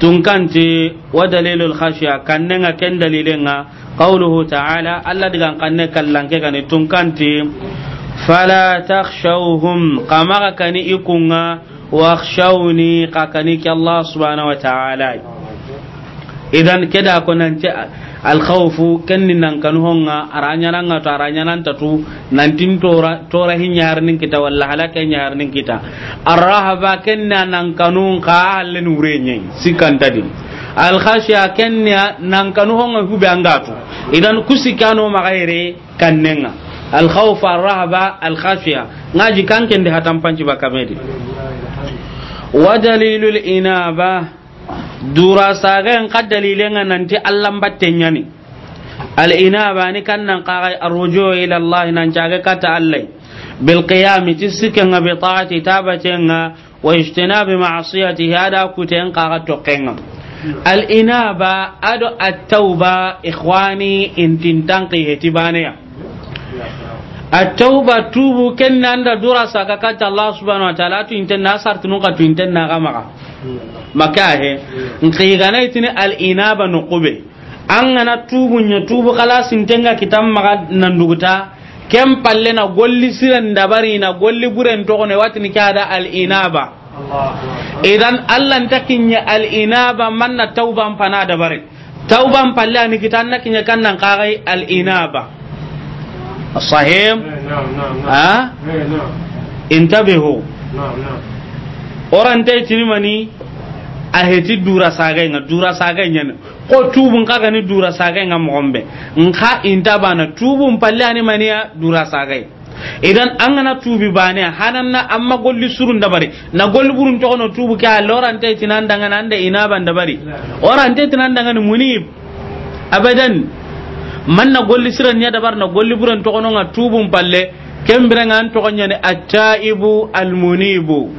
S2: tunkanti wa dalilul khashiya kanne nga ken dalilin nga qawluhu ta'ala alla digan kanne kallanke kan tunkanti fala takhshawhum qamaka kani ikunga wakhshawni qakani ki Allah subhanahu wa ta'ala idan keda ko al khawfu kenni nan kan honga aranya nan ngata aranya nan tatu nan tin tora tora nyar nin kita walla halaka nyar nin kita arrahaba kenni nan kanun ka halen urenye sikan tadi al khashya kenna nan kan honga hube angatu idan kusikano magaire kannenga al khawfu arrahaba al khashya ngaji kanken de hatan panci bakamedi wa dalilul inaba dura yang kad dalilen nanti Allah battenya ni al inaba ni kannan qaga arruju ila Allah nan jaga kata Allah bil qiyam tisikan bi taati tabatenga wa ijtinabi ma'siyati hada kuten qaga tokenga al inaba ado at tauba ikhwani intintanqi hetibaniya tubu التوبة توبو كن عند دراسة كاكات الله سبحانه وتعالى تنتن ناصر تنوغا تنتن ناغمغا مكاه نقيغانيتني الإنابة An angana tubu nya tubu kala sintenga kitam maka nanduguta kem palle na golli siren dabari na golli buren to ne watni kada al inaba idan allah takinya al inaba manna tauban fana dabari tauban palle ni kitan na kinya kannan kagai al inaba الصحيح ها انتبهوا oranta tirimani a heti dura sagai nga dura sagai nyane ko tubun kaga ni dura sagai nga mogombe nka inta bana tubun palle ani maniya dura sagai idan an gana tubi bane hanan na amma golli surun da bari na golli burun to no tubu ka loran tay tinan danga nan da ina ban da bari oran tay tinan danga ni munib abadan man na golli siran nya dabar na golli buran to kono nga tubun palle kembere nga an to konya ne attaibu almunibu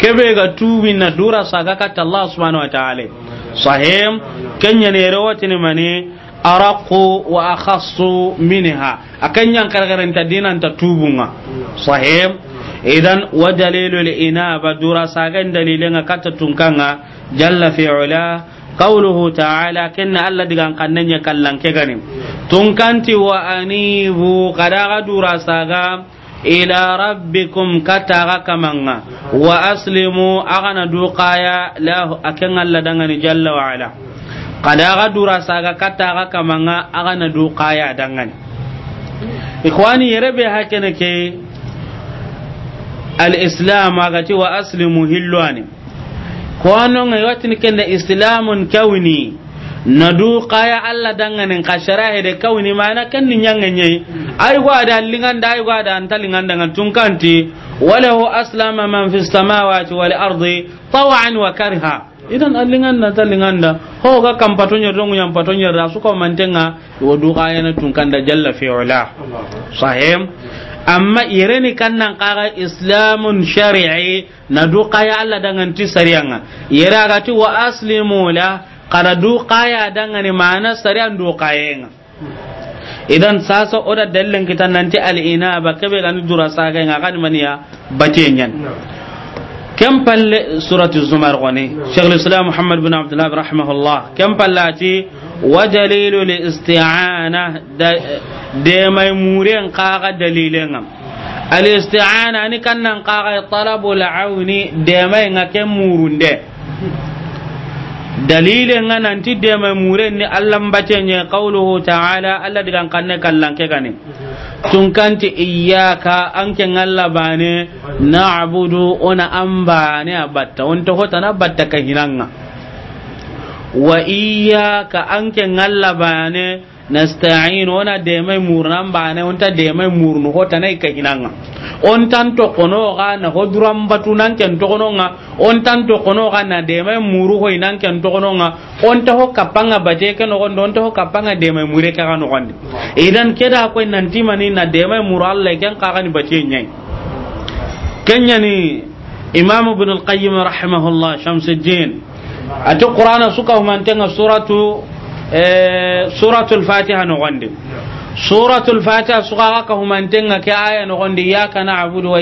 S2: kebe ga tubin na dura saga kata Allah subhanahu wa ta'ala sahim kenya ne rawati ne mani araqu wa akhassu minha akanya kargaran ta dinan ta tubunga sahim idan wa dalilul inaba dura saga dalilin kata tunkanga jalla fi'ula قوله تعالى كن الله دغان قنن يكلن كغنم تنكنت وانيبوا قد غدرا ساغا الى ربكم كتاغا كمانا وأسلموا أغنى دوقايا له اكن الله دغان جل وعلا قد غدرا ساغا كتاغا كمانا أغنى دوقايا دغان اخواني يربي هكذا الاسلام أغتي واسلموا هلواني kono ngai watin kenda islamun na nadu qaya alla danganen kashara hede kawni mana kan ni nyangenye ai gwa da lingan da ay gwa da antalingan dangan tunkanti walahu aslama man fis samawati wal ardi tawan wa karha idan allingan na talingan da ho ga kan patonya dongu yang patonya rasu ko mantenga wudu qaya na da jalla fi sahim amma ireni kannan kaga islamun shari'i na duqaya Allah danganti sariyanga ira gati wa aslimu la kara duqaya dangane mana sariyan duqayenga idan sasa oda dallan kita nanti al'ina ba kabe gani dura saga nga kan maniya batenyan kam palle suratu zumar gone shaykhul islam muhammad bin abdullah rahimahullah kam ati. wa dalilu li isti'ana da mai muren kaga dalilin am al isti'ana ni kannan kaga talabul auni da mai ngake murunde dalilin nga nanti da mai muren ni Allah bace ne qauluhu ta'ala Allah ala kanne kallan ke gane tun kanti iyaka an ken Allah bane na'budu una an bane abatta on to hota na ka hinanga wa ka anke ngalla bane nasta'in ona de mai murnan bane onta de mai murnu hota nay ka hinanga on tan to kono ga na hodram batu nan ken to kono nga on tan to kono ga na de mai muru ho nan ken to kono nga on ta ho kapanga baje ken on don ta ho kapanga de mai mure ka ga no gonde idan keda ko nan mani na de mai muru Allah ken ka ga ni baje nyai kenya ni imam ibn al-qayyim rahimahullah shamsuddin anti qur'ana suka humantenga suratu eh, suratul fatiha no gonde suratul fatiha suka ka humantenga ke aya no gonde iyyaka abudu wa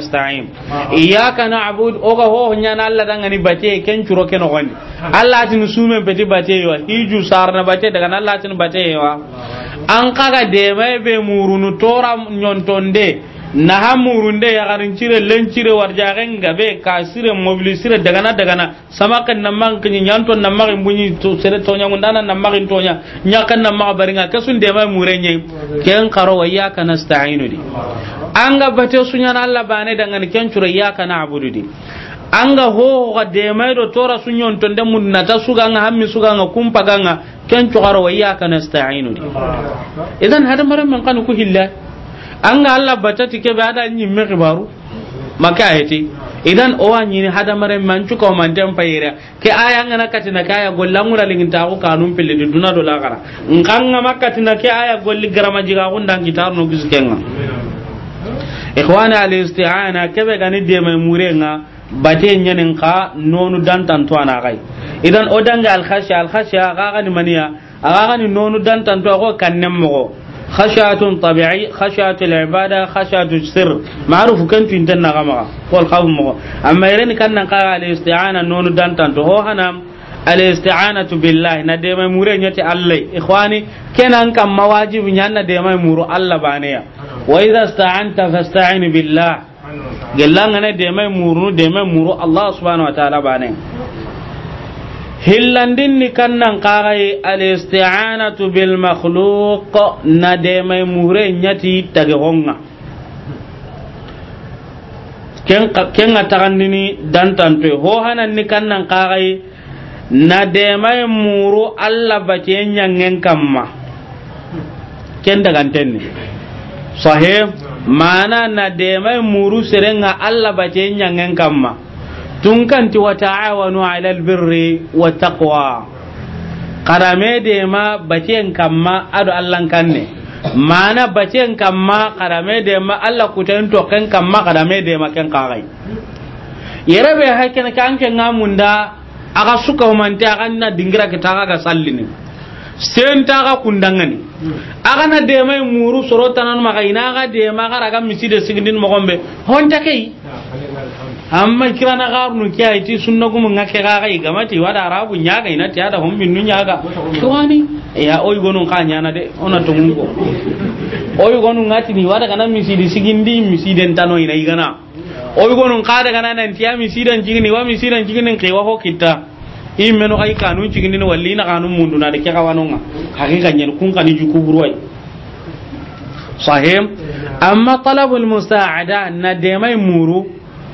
S2: sta'im ya iyyaka abudu o ga ho na Allah danga ni bate ken churo ken no gonde Allah tin sume bate bace wa hiju sarna bace daga Allah tin bace wa an kaga de mai be murunu tora nyontonde na ya garin cire lencire warja warjagen gabe ka sire mobili sire daga na samakan na man kinyi nyanton na marin bunyi to sere tonya ngundana na marin nya kan na ma baringa kasun de mai mure murenye ken karo wa iyyaka nasta'inu di an ga bate sunya na Allah bane dangan ken cure na abudu di an ga ho ga de mai do tora sunyon da mun na ta suga ga hammi suga ga kumpa ga ken cure wa iyyaka nasta'inu di idan hada maran man kan ku hilla an ga Allah bata tike ba da yin me kibaru maka hete idan o wa nyini hada mare man cu ko man tan payira ke aya ngana katina kaya gollan ngura lingin ta ko kanun pille di duna do la gara nkan ngama katina ke aya golli garama jiga ko ndan gitar no giskenga ikhwana al isti'ana kebe gani de mai murenga bate nyanin ka nonu tan to ana kai idan o ga al khashya al khashya ga gani maniya aga gani nonu tan to ko kannem mo khashatun tabi'i khashatul ibada khashatu sir ma'ruf kan tin tan nagama qol khawm mo amma yaren kan nan qara al isti'ana nonu dan tan to ho hana billahi na de mai mure nyati allai ikhwani kenan kan mawajibi nyanna de mai muru allah bane ya wa idha sta'anta billah gelan ne de mai muru muru allah subhanahu wa ta'ala bane hillandin ni kannan kagai bil na de mai mure tage ken na muru kamma ken mana na de muru serenga kamma tun kanti wa ta'awanu alal birri wa taqwa karame de ma bacen kamma ado allan kanne mana bacen kamma karame de ma allah kuten to kan kamma karame de ma kan kai yere be hakken kan kan ngamunda aga suka humante kan na dingira kita aga sallini sen ta aga kundangani aga na de mai muru sorotanan tanan ga ina aga de ma aga raga miside sigindin mogombe honta kai amma kira na kirana garnu ai ti sunna gumu ngake gaga igamati wada arabu nyaga inati ada hum minnu ga to wani ya oy gonu ka nya na de ona to mungo oy gonu ngati ni wada kana misidi sigindi misiden tano ina igana oy gonu ka daga nan nan tiya misidan jigini wa misidan jigini ke wa hokita i meno ai kanu jigini ni walli na kanu mundu na de ke ga kawanonga hakika nyen kun kani jukuburoi sahim amma talabul musa'ada na de mai muru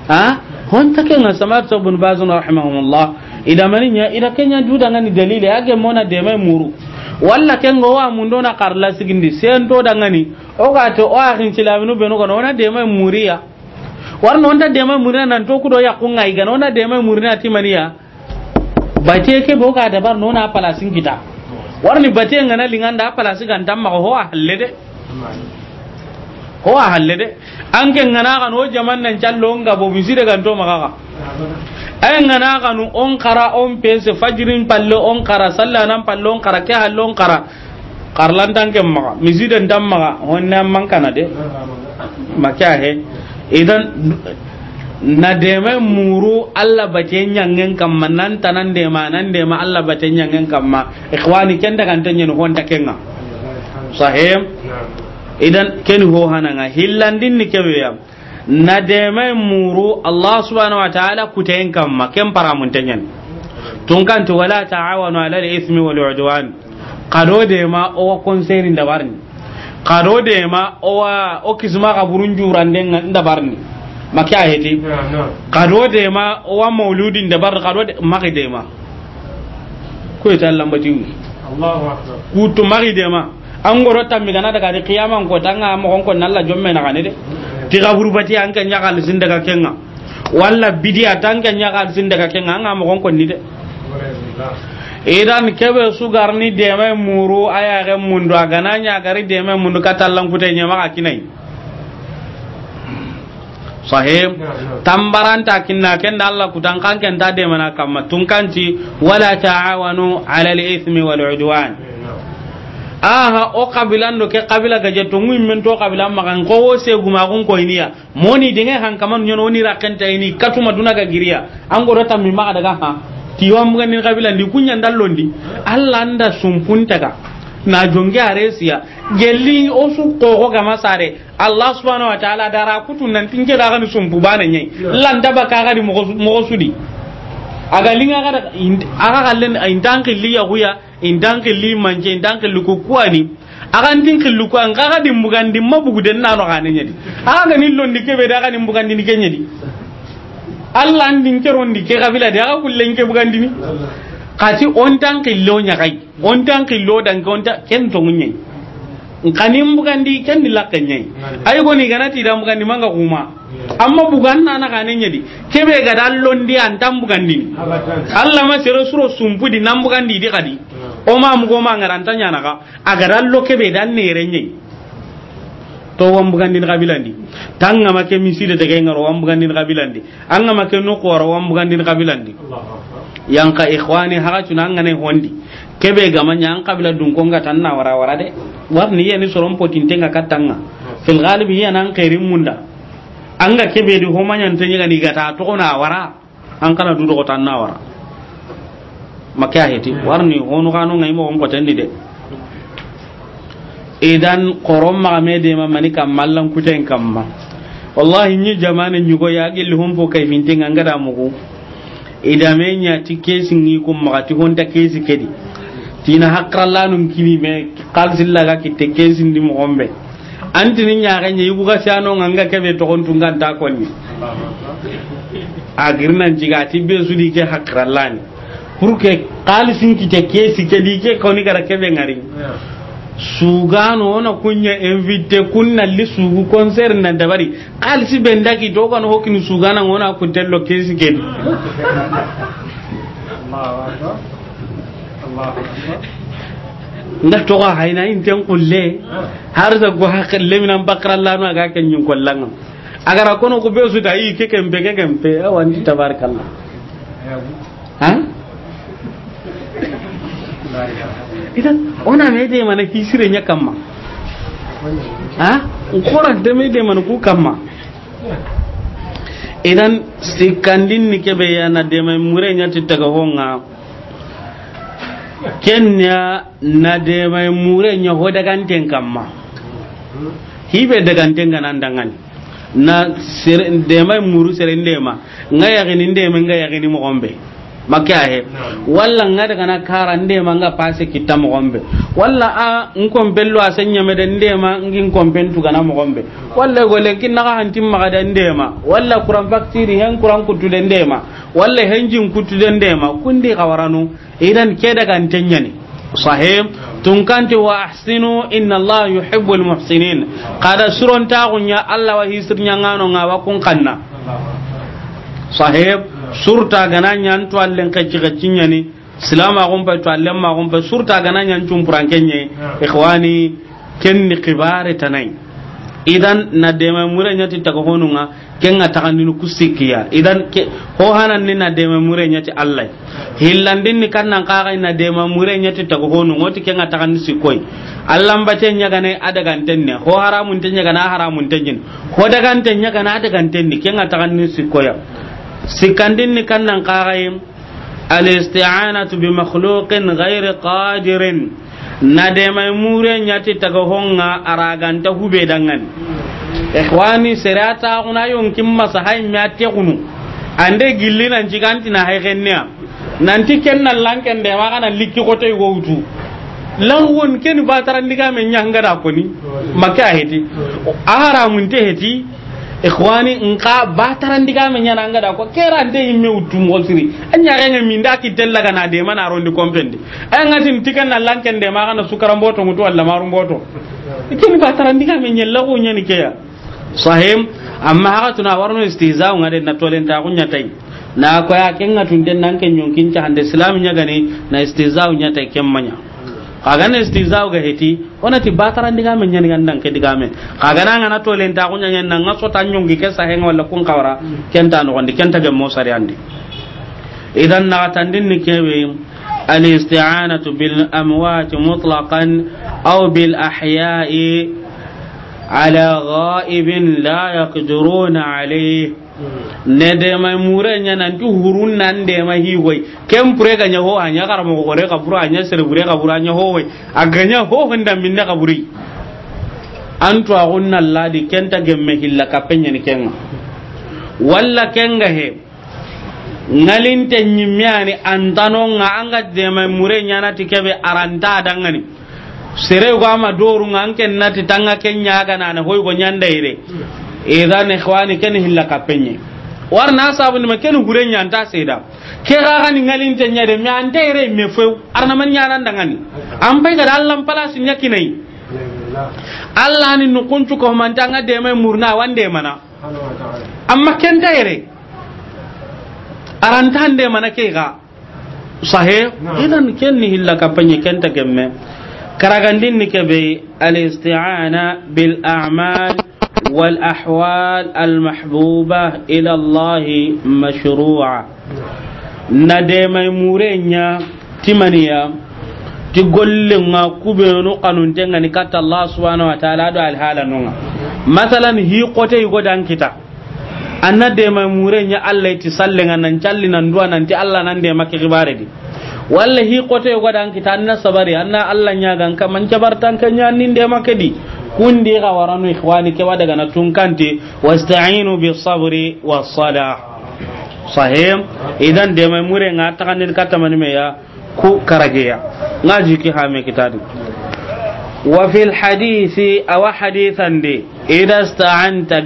S2: ha hon take ngan samar to bun bazun rahimahumullah ida maninya ida kenya juda ni dalili age mona de mai muru walla ken go wa mun dona karla sigindi sen to da ngani o ga to o akin cilaminu beno kono ona de mai muriya warno onda de mai murina nan to kudo ya kunga iga ona de mai murina timaniya bate ke bo ga dabar nona palasin kita warni bate ngana linganda palasin gantam ma ho halle de ko a halle de an ke ngana kan o jaman nan callo on gabo misi de kan to maka ay ngana kan on kara on pese fajirin palle on kara salla nan palle on kara ke halle on kara karlan ke misi de dan honna man kana de makya he idan na deme muru Allah nan ma nan ma Allah ikhwani kan tanyen hon sahim idan keni ho hananga hillandin ni kebe ya na deme muru allah subhanahu wa ta'ala kutayen kamma ken paramuntenyen tun kan tu wala ta'awanu ala al-ithmi wal udwan kado de ma o wa konserin da barni kado de ma o wa o kisma ka burun den da barni maki a heti kado de ma o wa mauludin da bar kado de maki de ma ko ta lambati Allahu akbar kutu maki de ma an goro tammi gana daga ri qiyamam ko tanga mo kon ko nalla jomme na kanide ti gaburbati an kan yakal sin daga kenga walla bidiya tan kan yakal sin daga kenga an mo kon ko ni de. idan kebe sugarni deme muru ayage mundu agana ñagari deme mundu katallankute ñemaxa kinai sahim ta kinna kenda allah kutan kan kenta demana kamma tun kanti wala taawanu ala al ithmi wal udwan aha o kabilan do ke kabila ga jetto ngum men to kabila makan ko wo se guma gon ko iniya moni dinga han kaman nyono ni rakanta ini katuma duna ga giriya an go rota mi maka daga ha wa mun ganin kabila ndi kunya ndi. alla anda sumpunta ga na jonge aresiya gelli o su kogo ga masare allah subhanahu wa ta'ala dara kutun nan tinje daga ni sumpu bana nyai landa ka ga ni mo sudi aga linga gara aga kallen indan li ya huya indan li manje indan lu ku kuani aga ndin qilli ku an ga di mugandi mabugu den nano ganen yedi aga ga nillo ndike be daga ni mugandi ni kenyedi Allah ndin ke rondi ke kabila de aga kullen ke bugandi ni kati on tan qillo nya kai on tan qillo dan on tan ken to nkanin bugandi ken ni Ayo ay goni gana tidak da bugandi manga kuma iya. amma bukan anak ane di kebe ga dallondi antam tan bugandi Allah ma sero suro sumpudi nam bukan di kadi hmm. Oma ma mu antanya ngaranta nya naka kebe dan ne renye to wan bugandi na kabilandi tanga make miside daga ngaro wan bugandi na kabilandi an ga make no ko yang ka ikhwani haka ne hondi keɓe gama ñan kabila dunkonga tan na wara wara de war ni yeni soron potintenga kattanga fil galibi yen an xerin munda anga keɓedi homañante ñegani gata toxo na wara an kana dudoxo tan na wara make a xeti warni honuxanongai moxon xotenni de idan koron maxame dema mani kam mallan kuten kam ma wallahi ñi jamane ñugo ya gelli hon fo kayfintenga ngada mugu idame ñati kesi ngi kum maxati honta kesi kedi tina hakra la num kini me qal ga kitte anti ni nya ga kesindi mogonɓe antini ñaxeñe yiguga sianonga nga keɓe toxontunganta konni agirna jiga ti be sudi ke hakra la ni pour que kalisin kite kesi kedi ke koni gara keɓe ngari sugano ona kunya invite kunna li sugu concert na dabari si be ndaki togano hokkini sugana ngona kuntello kesi kedi
S1: [LAUGHS]
S2: nda toga hayna inten kulle har sa go hakkille bakra Allah no aga ken nyin kollanga agara kono ku be su yi ke ken be ke ken pe awan ti tabarakallah ha idan ona me de mana kisire nya kamma ha koran de me de mana ku kamma idan sikandin ni ke be yana de mai mure nya honga kenya na de mai mure nya ho daga nten kamma hibe daga nten ganan dangani na de mai muru sere ndema ngaya gini ndema ngaya gini mu gombe makya he walla ngada kana kara nde manga pase kitta mo walla a nkom bello asenya mede nde ma ngin kompen tu walla golen kin naga hantim maga da walla kuran vaccine hen kuran kutu de walla hen kutu de nde ma kundi kawaranu idan ke daga ntanyani sahih tun kanti wa ahsinu inna allah yuhibbu almuhsinin kada suron tagunya allah wa hisirnya ngano ngawa kun kanna sahib surta gana nyan to allen ka jiga cinyani silama gon pa to allen ma gon pa surta gana nyan cum purankenye ikhwani ni qibare tanai idan na dema mure nyati ta ko honunga kenga takandinu kusikiya idan ke ho hanan ni na dema mure nyati allah hillandin ni nan kaga na dema mure nyati ta ko honu ngoti kan ni sikoi allah mbate nyaga ne adaga tenne ho haramun tenya kana haramun tenyin ho daga tenya kana adaga tenni kan takandi sikoya sikandin ni kannan الاستعانة بمخلوق غير قادر makhluqin ghairi ياتي na أراغان masa ande gilli nan jiganti na hay gennya nanti lanken de ma kana likki ko tay wowtu ken ba da makka heti ahara mun te heti ikhwani nka bataran diga men yana ngada ko kera de yimme utum wosiri anya nga min da kitella kana de mana rondi kompendi ay tin tikan na lanken de ma kana sukara mboto mutu walla maru mboto ikini bataran diga men yella ko nyani keya sahim amma ha tuna warno istihza'u ngade na tolen ta kunya tai na ko ya kenga tunde nan ken yonkin ta hande islam nya gani na istihza'u nya tai kemmanya kaga istiza istihza'u ga heti onati bataran diga men nyani gandan ke diga men kagana na ngana to len ta kunya nyen nan ngaso tan nyungi ke sa hen wala kun kawra kenta no gondi kenta ge mo sari andi idan na tandin ni we al isti'anatu bil amwat mutlaqan aw bil ahya'i ala ghaibin la yaqdiruna alayhi ne de mai mure nya nan tu hurun nan de mai hi goy kem pure ga nya ho anya kar mo gore ka pura anya sere pure ka pura anya ho aganya ho honda minna ka buri antu a gunna ladi kenta gemme hilla ka penya ni kenga walla kenga he ngalinte nyimyani antano nga anga de mai mure nya na tikebe aranta dangani sere ko ama doru nga anken nati tanga kenya ga na hoy go nyanda ire idan ikhwani ken hilla kapenye na sabu ni maken gure nya anta seda ke ga ga ni ngalin te nya de mi anta ire me feu arna man nya nan dangani am bai ga Allah pala sin yaki nai Allah ni nu kuncu ko man tanga de mai murna wande mana amma ken ta ire arantan de mana ke ga sahe idan ken ni hilla kapenye ken ta gemme karagandin ni kebe al isti'ana bil a'mal والأحوال المحبوبة إلى الله مشروعة ندم مورينيا تمنيا تقول لنا كبيرو قانون تنغني كتا الله سبحانه وتعالى دو الحالة نونا مثلا هي قوتي يقول أنكتا anna dema murenya allah ti sallenga nan calli nan duwa nan ti allah nan dema ke gibare di walla hi qote godan kita anna sabari anna allah nyagan ka man jabartan ka nyannin dema ke di kundi ga warano ikhwani ke wada gana tunkanti wasta'inu bis sabri was salah sahim idan de mai mure nga takanin katamani me ya ku karageya ngaji ki ha me kitadi wa fil hadisi aw hadithan de idza sta'anta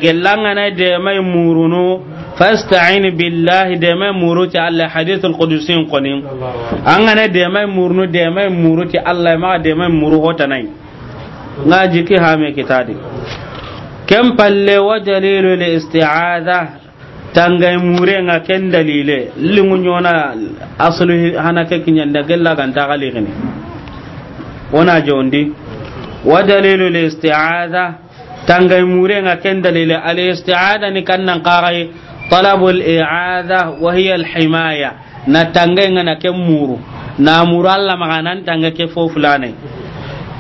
S2: na de mai murunu fasta'in billahi de mai muru ta Allah hadithul qudusin qanin an gane de mai murnu de mai muru ta Allah ma de mai muru hota nga jiki hame kitadi kem palle wa dalilu li isti'adha tangay mure nga ken dalile lingu nyona aslu hana ke kinyanda gella kan ta gini Wana jondi wa dalilu li isti'adha tangay mure nga ken dalile al isti'adha ni kannan qaray talabul i'adha wa hiya al himaya na tangay nga na ken muru na muralla maganan tangay ke fo fulane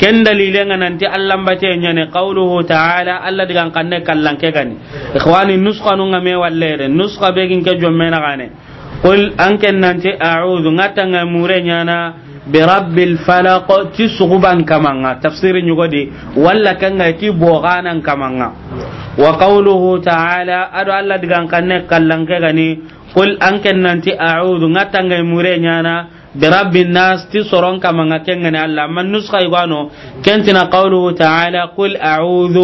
S2: ken dalile nanti allah mbate nyane qawluhu ta'ala allah digan kanne kallan ke gani ikhwani nusqa nu ngame wallere nusqa be gin ke jomme na gane qul an ken nanti a'udhu ngata ngamure nyana bi rabbil falaq tisuban kamanga tafsiri nyugodi walla kanga ti boganan kamanga wa qawluhu ta'ala adu allah digan kanne kallan ke gani qul an ken nanti a'udhu ngata ngamure nyana برب الناس تصرون كما كان الله من نسخة يغانو كنتنا قوله تعالى قل أعوذ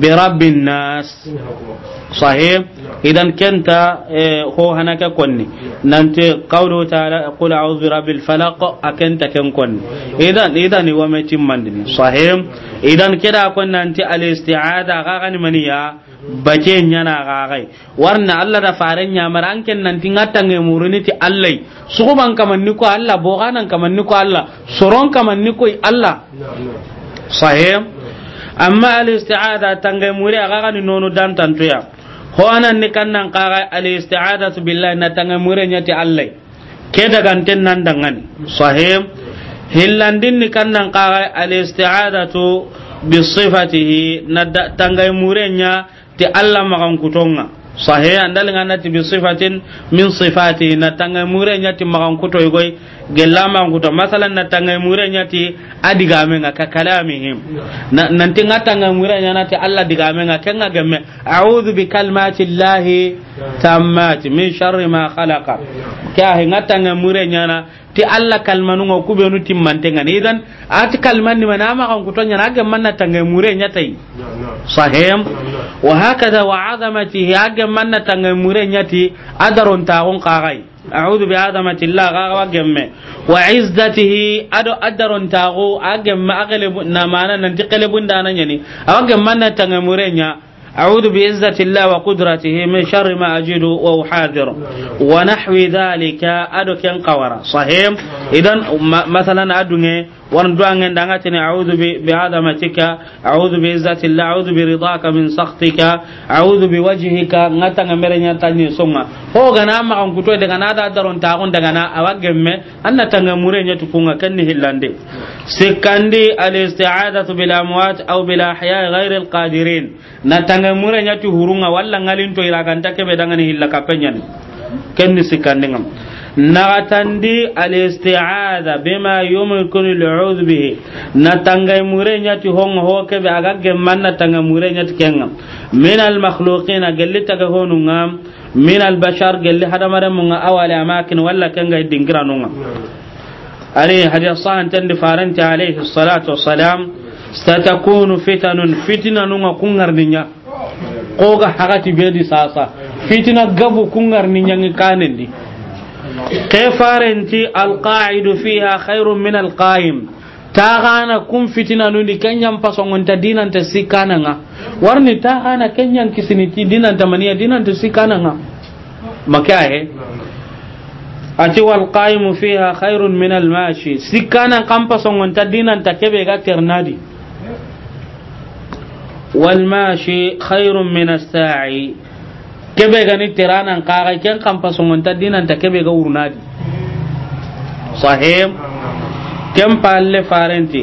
S2: برب الناس صحيح اذا كنت هو هناك كوني ننت قوله تعالى قل اعوذ برب الفلق اكنت كن كوني اذا اذا هو من صحيح اذا كده كنا أنت الاستعادة غاغن منيا bace yana gagai warna Allah da faran nyamar an ken nan tinga tange muruni ti Allah su ban kamanni ko Allah boganan kamanni ko Allah ko Allah amma al isti'ada tangay muri aga kan nono dan tantuya ho anan ni kannan qara al isti'ada billahi na tangay muri nyati allai ke daga anten nan dangan sahim hillandin ni kannan qara al isti'ada bi sifatihi na tangay nya ti allah magan kutonga sahih anda dengan nanti bersifatin min sifati na tanga mure nyati makan kuto igoi gelama kuto masalah na tanga mure nyati adi me ngaka kalamihim nanti ngata nga mure nyati Allah di me ngaka nga gemme a'udhu bi kalmati llahi tammati min syarri ma khalaqa kya ngata nga mure nyana ti alla kalmanu ngo kubenu timmante ngani idan ati kalman ni manama kan kutonya naga manna tanga mure nya tai sahem wa hakada wa azamatihi aga manna tanga mure nya ti adaron ta on qagai a'udhu bi azamati allah qawa gemme wa izzatihi ado adaron ta go aga ma agale na mana nan ti qale dana nya ni aga manna tanga mure nya أعوذ بعزة الله وقدرته من شر ما أجد وأحاذر ونحو ذلك أدو كن قورا صحيح إذا مثلا أدو wan duangen danga tini a'udhu bi bi adama tika a'udhu bi izzati llah a'udhu bi ridaka min sakhtika a'udhu bi wajhika ngata ngamere nya tanye songa ho gana ma kan kutoy daga na da daron ta gun daga na awagemme anna tanga mure nya tukunga kanni hillande sekandi al isti'adatu bil amwat aw bil ahya ghair al qadirin na tanga mure nya tu hurunga walla ngalin to iraganta kebe daga ni hillaka penyan kenni sekandi ngam nagatandi alistiada bima yumkinu al'udhu bihi na tangai mure nyati hongo ho kebe aga gemman na tanga mure nyati kenga min al makhluqina gelli taga honu ngam min albashar bashar gelli hadamare munga awali amakin walla kenga dingira nunga ari hadiya sahan tandi faranti alayhi salatu wassalam satakunu fitanun fitina nunga kungarninya koga hakati bedi sasa fitina gabu kungarninya ngikanendi kefarenti alqaidu fiha khairun min alqaim gana kun fitinanundi ken ñampasongonta dinanta sikkananga warni taxana ken ñankisiniti dinanta maniya dinanta sikkananga make he ati qa'imu fiha khairun min almashi sikkana kampasongonta dinanta kebe ga ternadi mashi khairun min sa'i kebe gani tiranan kaga ken kampa songonta dinan ta kebe ga urunadi sahim ken palle farenti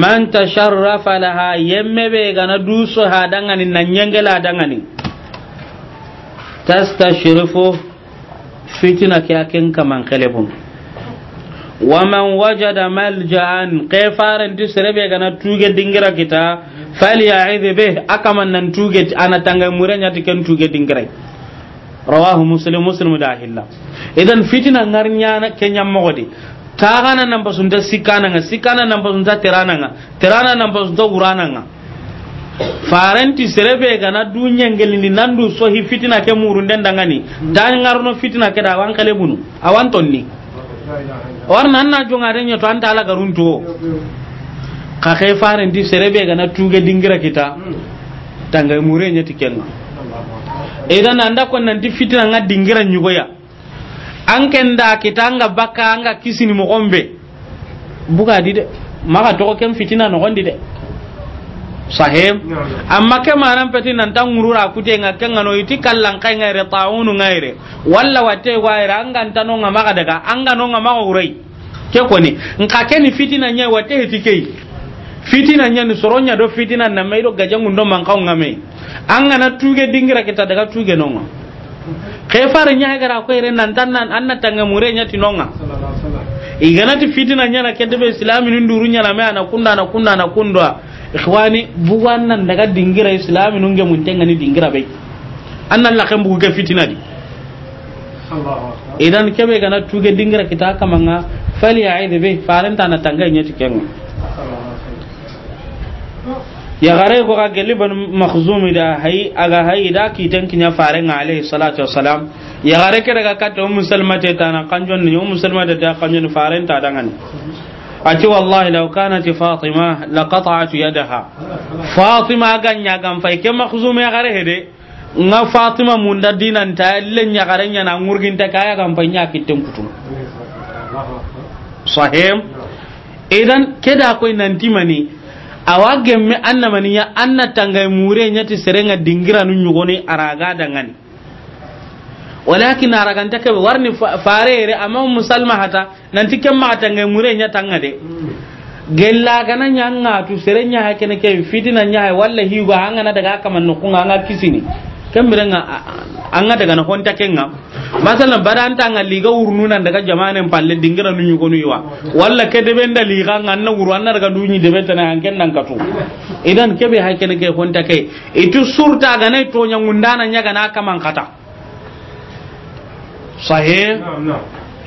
S2: man tasharrafa laha yemme be gana duso ha dangani nan yengela dangani tastashrifu fitina ke aken kaman kelebun waman wajada malja'an ke farenti gana tuge dingira kita falyaid be akaman nan tuge ana tanga murenya tiken tuge dingrai rawahu muslim muslim da hilla idan fitina ngarnya na kenya mogodi tagana nan basunta sikana nga sikana nan basunta terana nga terana nan basunta urana nga farenti serebe gana dunya ngelini nandu sohi fitina ke murunde ndangani dan ngarno fitina ke da wankale bunu awan tonni warna anna jonga renya to ala ka kai farin di serebe ga na tuga dingira kita hmm. tanga mure nya tikenga idan anda kon nan di fitina nga dingira nyugoya an kenda kita anga baka anga kisini mo gombe Buka di de maka to ken fitina no gondi de sahem amma ke manan peti nan tan ngurura kute nga kenga no iti kallan kai ngaire taunu ngaire walla wate waire anga ntano nga maka daga anga no nga maka urai ke koni nka ke ni fitina nyai wate hitikei fitina nyani soronya do fitina na mai do gajangu ndo do mankaw ngame an gana tuge dingira kita daga tuge nonga kefare nya gara ko ire nan tan nan anna tanga mure nya tinonga igana ti fitina nya na kede be islami nun duru nya na me ana kunda na kunda na kunda ikhwani buwan nan daga dingira islami nun ge mun tanga ni dingira be anna la kan bugu ke fitina di idan kebe gana tuge dingira kita kamanga fali ya aibe be faranta na tanga nya tikenga yagare ko ga ban makhzumi da hay aga da ki alayhi salatu wassalam yagare ke daga um kanjon ni um ta kanjon ta dangan ati wallahi law kanat fatima yadaha fatima ganya gam fay ke makhzumi yagare hede nga fatima dinan ta nya na ngurgin ta kaya gam fay nya sahim idan koy awa gemme annamaniya anna tangay mure nyati serenga dingira nu nyugoni araga dangani walakin araga ntake warni farere ama musalma hata nanti kemma tangay mure nyata ngade gella gana nyanga tu serenya hakene ke fitina nyaa walla hiwa hanga na daga kama nokunga kisini kemirenga anga daga na honta kenga masalan badanta anga liga nan daga jamanen palle dingira nu nyugo nu yiwa walla ke de benda liga anna uru anna daga dunyi de benda na hanken nan katu idan kebe hakene ke honta ke itu surta ga nay to nya ga na kaman kata sahih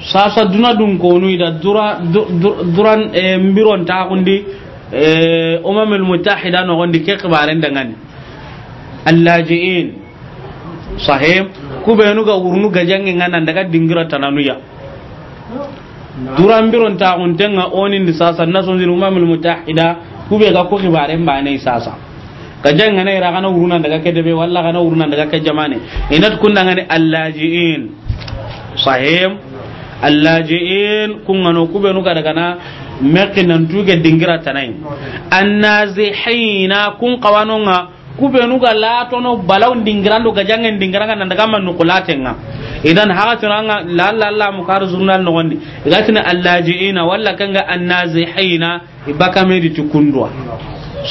S2: sasa duna dun nu ida dura duran eh, mbiron ta kundi eh, umamul mutahida no gondi ke kibaren dangani allajiin sahim kube nuga urnu ga jangi ngana daga dingira tananu ya duran biron ta untenga onin ni sasa nasun zin umamul mutahida kube ga ko khibaren ba ne sasa ka jangi ira kana urunan daga kedebe walla kana urunan daga ke jamane inat kunna ngani allajiin sahim allajiin kungano kubenu nuga daga na mekinan tuge dingira tanai annazihina kun qawanonga kubenu ga latono balaw dingirando ga jangen dingiranga nan daga man nga. idan haka tunanga la la la mu kar zurnal no gondi gatina allajiina walla kanga annazihina ibaka medi tukundwa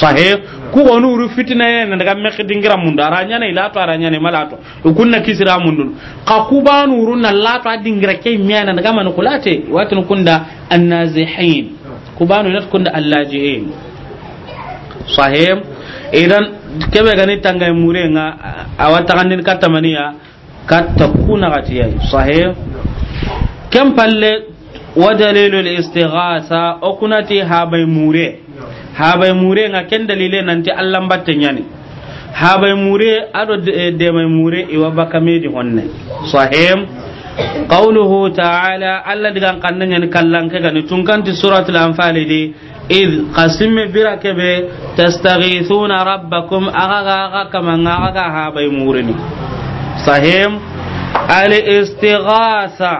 S2: sahih ku wonu ru fitina ne nan daga mek dingira mun dara nyane lato ara nyane malato kunna kisira mun dun ka ku ru na lato dingira kay miya nan daga man nukulate watun kunda annazihin ku banu nat kunda allajiin sahih idan kebe gani tanga mure nga awata kanin katta maniya katta kuna gatiya sahih kam palle wa dalilul istighatha o kunati habay mure nga ken dalile nanti allah batte nyani habay mure ado de may mure bakka bakamedi honne sahim qawluhu ta'ala allah digan kannan nyani kallan ke gani tunkanti suratul di إذ قسم برك به تستغيثون ربكم أغاغا أغا كما أغاغا هابا يمورني صحيح الاستغاثة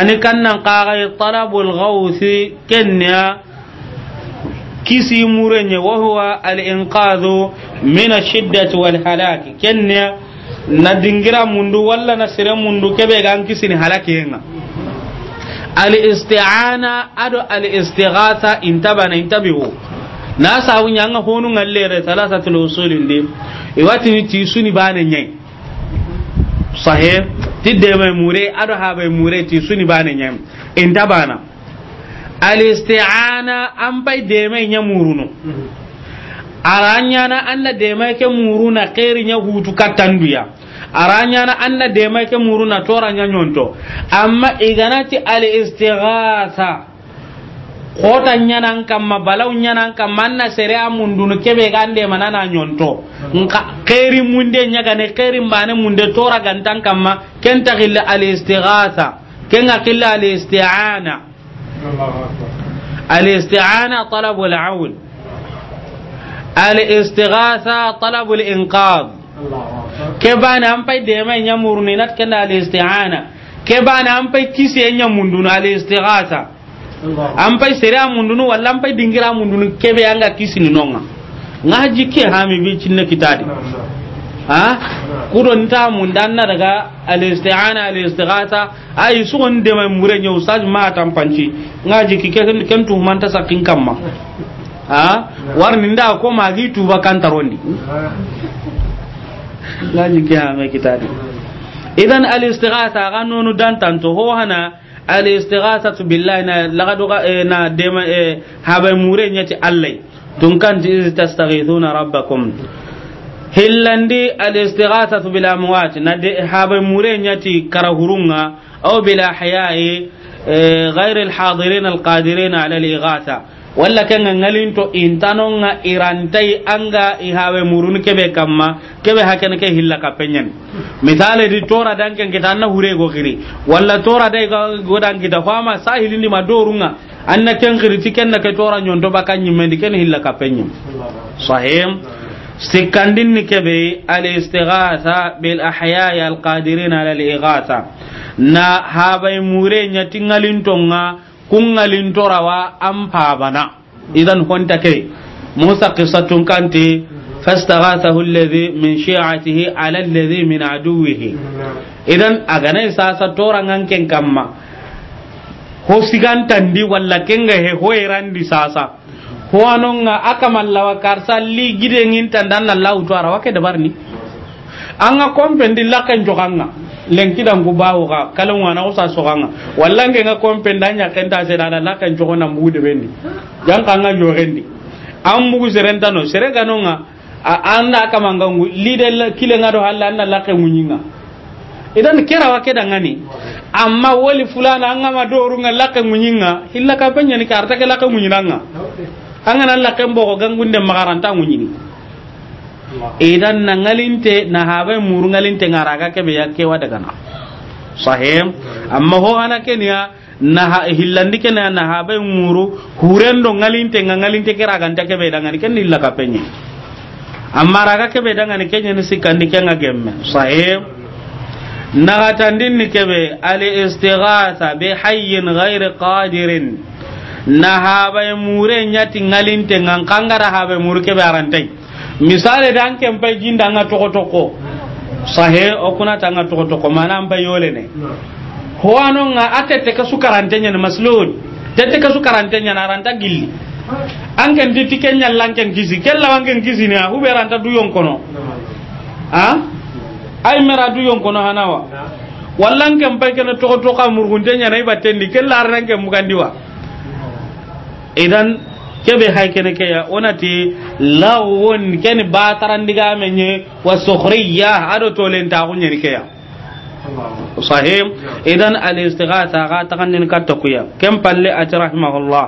S2: أني كان قاغي طلب الغوث كنيا كيسي مورني وهو الإنقاذ من الشدة والهلاك كنيا na dingira mundu walla na sire mundu kebe ga an kisini halake nga al-isti'ana ado al-istighatha na intabihu na sabu nyanga honu ngallere talatatul usulin de iwati ti suni bana nyai sahih tidde mai mure ado ha bai mure ti suni bana nyai intabana al-isti'ana an bai de mai nyamuruno mhm. aranya na anna de mai ke muruna khairi nya hutu katanduya araa aranyana anna dema ke muruna toranya nyonto amma iganati al istighatha kota nyana kamma balaw nyana kamma anna sere amundunu kebe gande manana nyonto nka khairi munde nyaga ne khairi mbane munde tora gantan kamma kenta gilla al istighatha kenga killa al isti'ana al isti'ana talabul aun al istighatha talabul inqadh ke bana am pay de may nyamur ni nat kana al isti'ana ke bana am pay kisi nyamundu na al istighatha am pay sira mundu mundunu wala am pay dingira mundu mundunu ke be anga kisi ni nonga ngaji ke ha mi bi cinna kitadi ha kudon ta mun dan na daga al-isti'ana al-istighatha ay su on de may mure nyu saj ma tam panci ngaji ke ken ken tu man ta sakin kamma ha warni nda ko magi tu ba na jigge hame kitadi idan al istighatha ga nonu dan tanto ho hana al istighatha billahi na lagado na dema haba mure nyati allai tun kan ti tastaghithuna rabbakum hillandi al istighatha bil na haba mure nyati karahurunga aw bil ahya'i غير الحاضرين القادرين على الإغاثة walla ke ngangalin to nga irantai anga ihawe murun kebe kamma kebe hakene ke hilla penyen misale di tora danken kita anna hure go kiri walla tora dai go dan kita fama sahilin di madorunga anna ken kiri tiken na ke tora nyondo bakan di ken hilla penyen sahim sikandin ni kebe al istighatha bil ahya al qadirin ala al na habai mure nyatingalin nga kungalin torawa an fabana idan kwanta kai musa qissatun kanti fastaghathahu alladhi min shi'atihi ala alladhi min aduwihi idan agana sasa toran hankin kamma ho sigantandi walla kenga he di sasa hoanonga akamallawa karsa li gidengin tandanna lawtu ara wake dabarni anga kompendi lakan joganga lenkidan gu bawo ga kalan wana usa soganga wallan ke nga kompen danya kenta sedana la kan jogo na mbude bendi jang kanga yorendi am bugu serenta no serega no nga an anda kamanga ngu lide kile ngado halla anda la kan munyinga idan kera wa keda ngani amma wali fulana anga ma doru nga la kan munyinga hilla ka banya ni karta ke la kan munyinga anga anga na la kan bogo gangunde magaranta munyinga idan na ngalinte na haɓe muru ngalinte ngaraga keɓe yakkewa dagana sahim amma ho ana keniya na hillandi kene na haɓe muru hurendo ngalinte nga ngalinte ke raganta keɓe dangani ken hilla ka peñe amma raga keɓe dangani keñeni sikkandi ke nga gemme sahim naxatandinni keɓe alistigatha be hayin gayre qadirin na haɓe mure ñati ngalinte ngan kangara haɓe muru keɓe arantay misale da an ken pay jinda nga toko toko sahe o kuna ta nga toko toko mana an yole ne ho nga atete ka su karantenya ne maslud tete ka su karantenya na ranta gilli an ken di tiken nyal lan ken gizi kella wan ken gizi ne hu beranta du yon kono ha ay mera du yon kono hanawa wallan ken pay ken toko toko murguntenya na ibatendi kella arnan ken mugandiwa idan kebe hay kene ke ya onati lawon ken bataran diga menye wasukhriya ado to len ta kunya ke ya sahim idan al istighatha ga ta kan nin katta kuya kem palle ati rahimahullah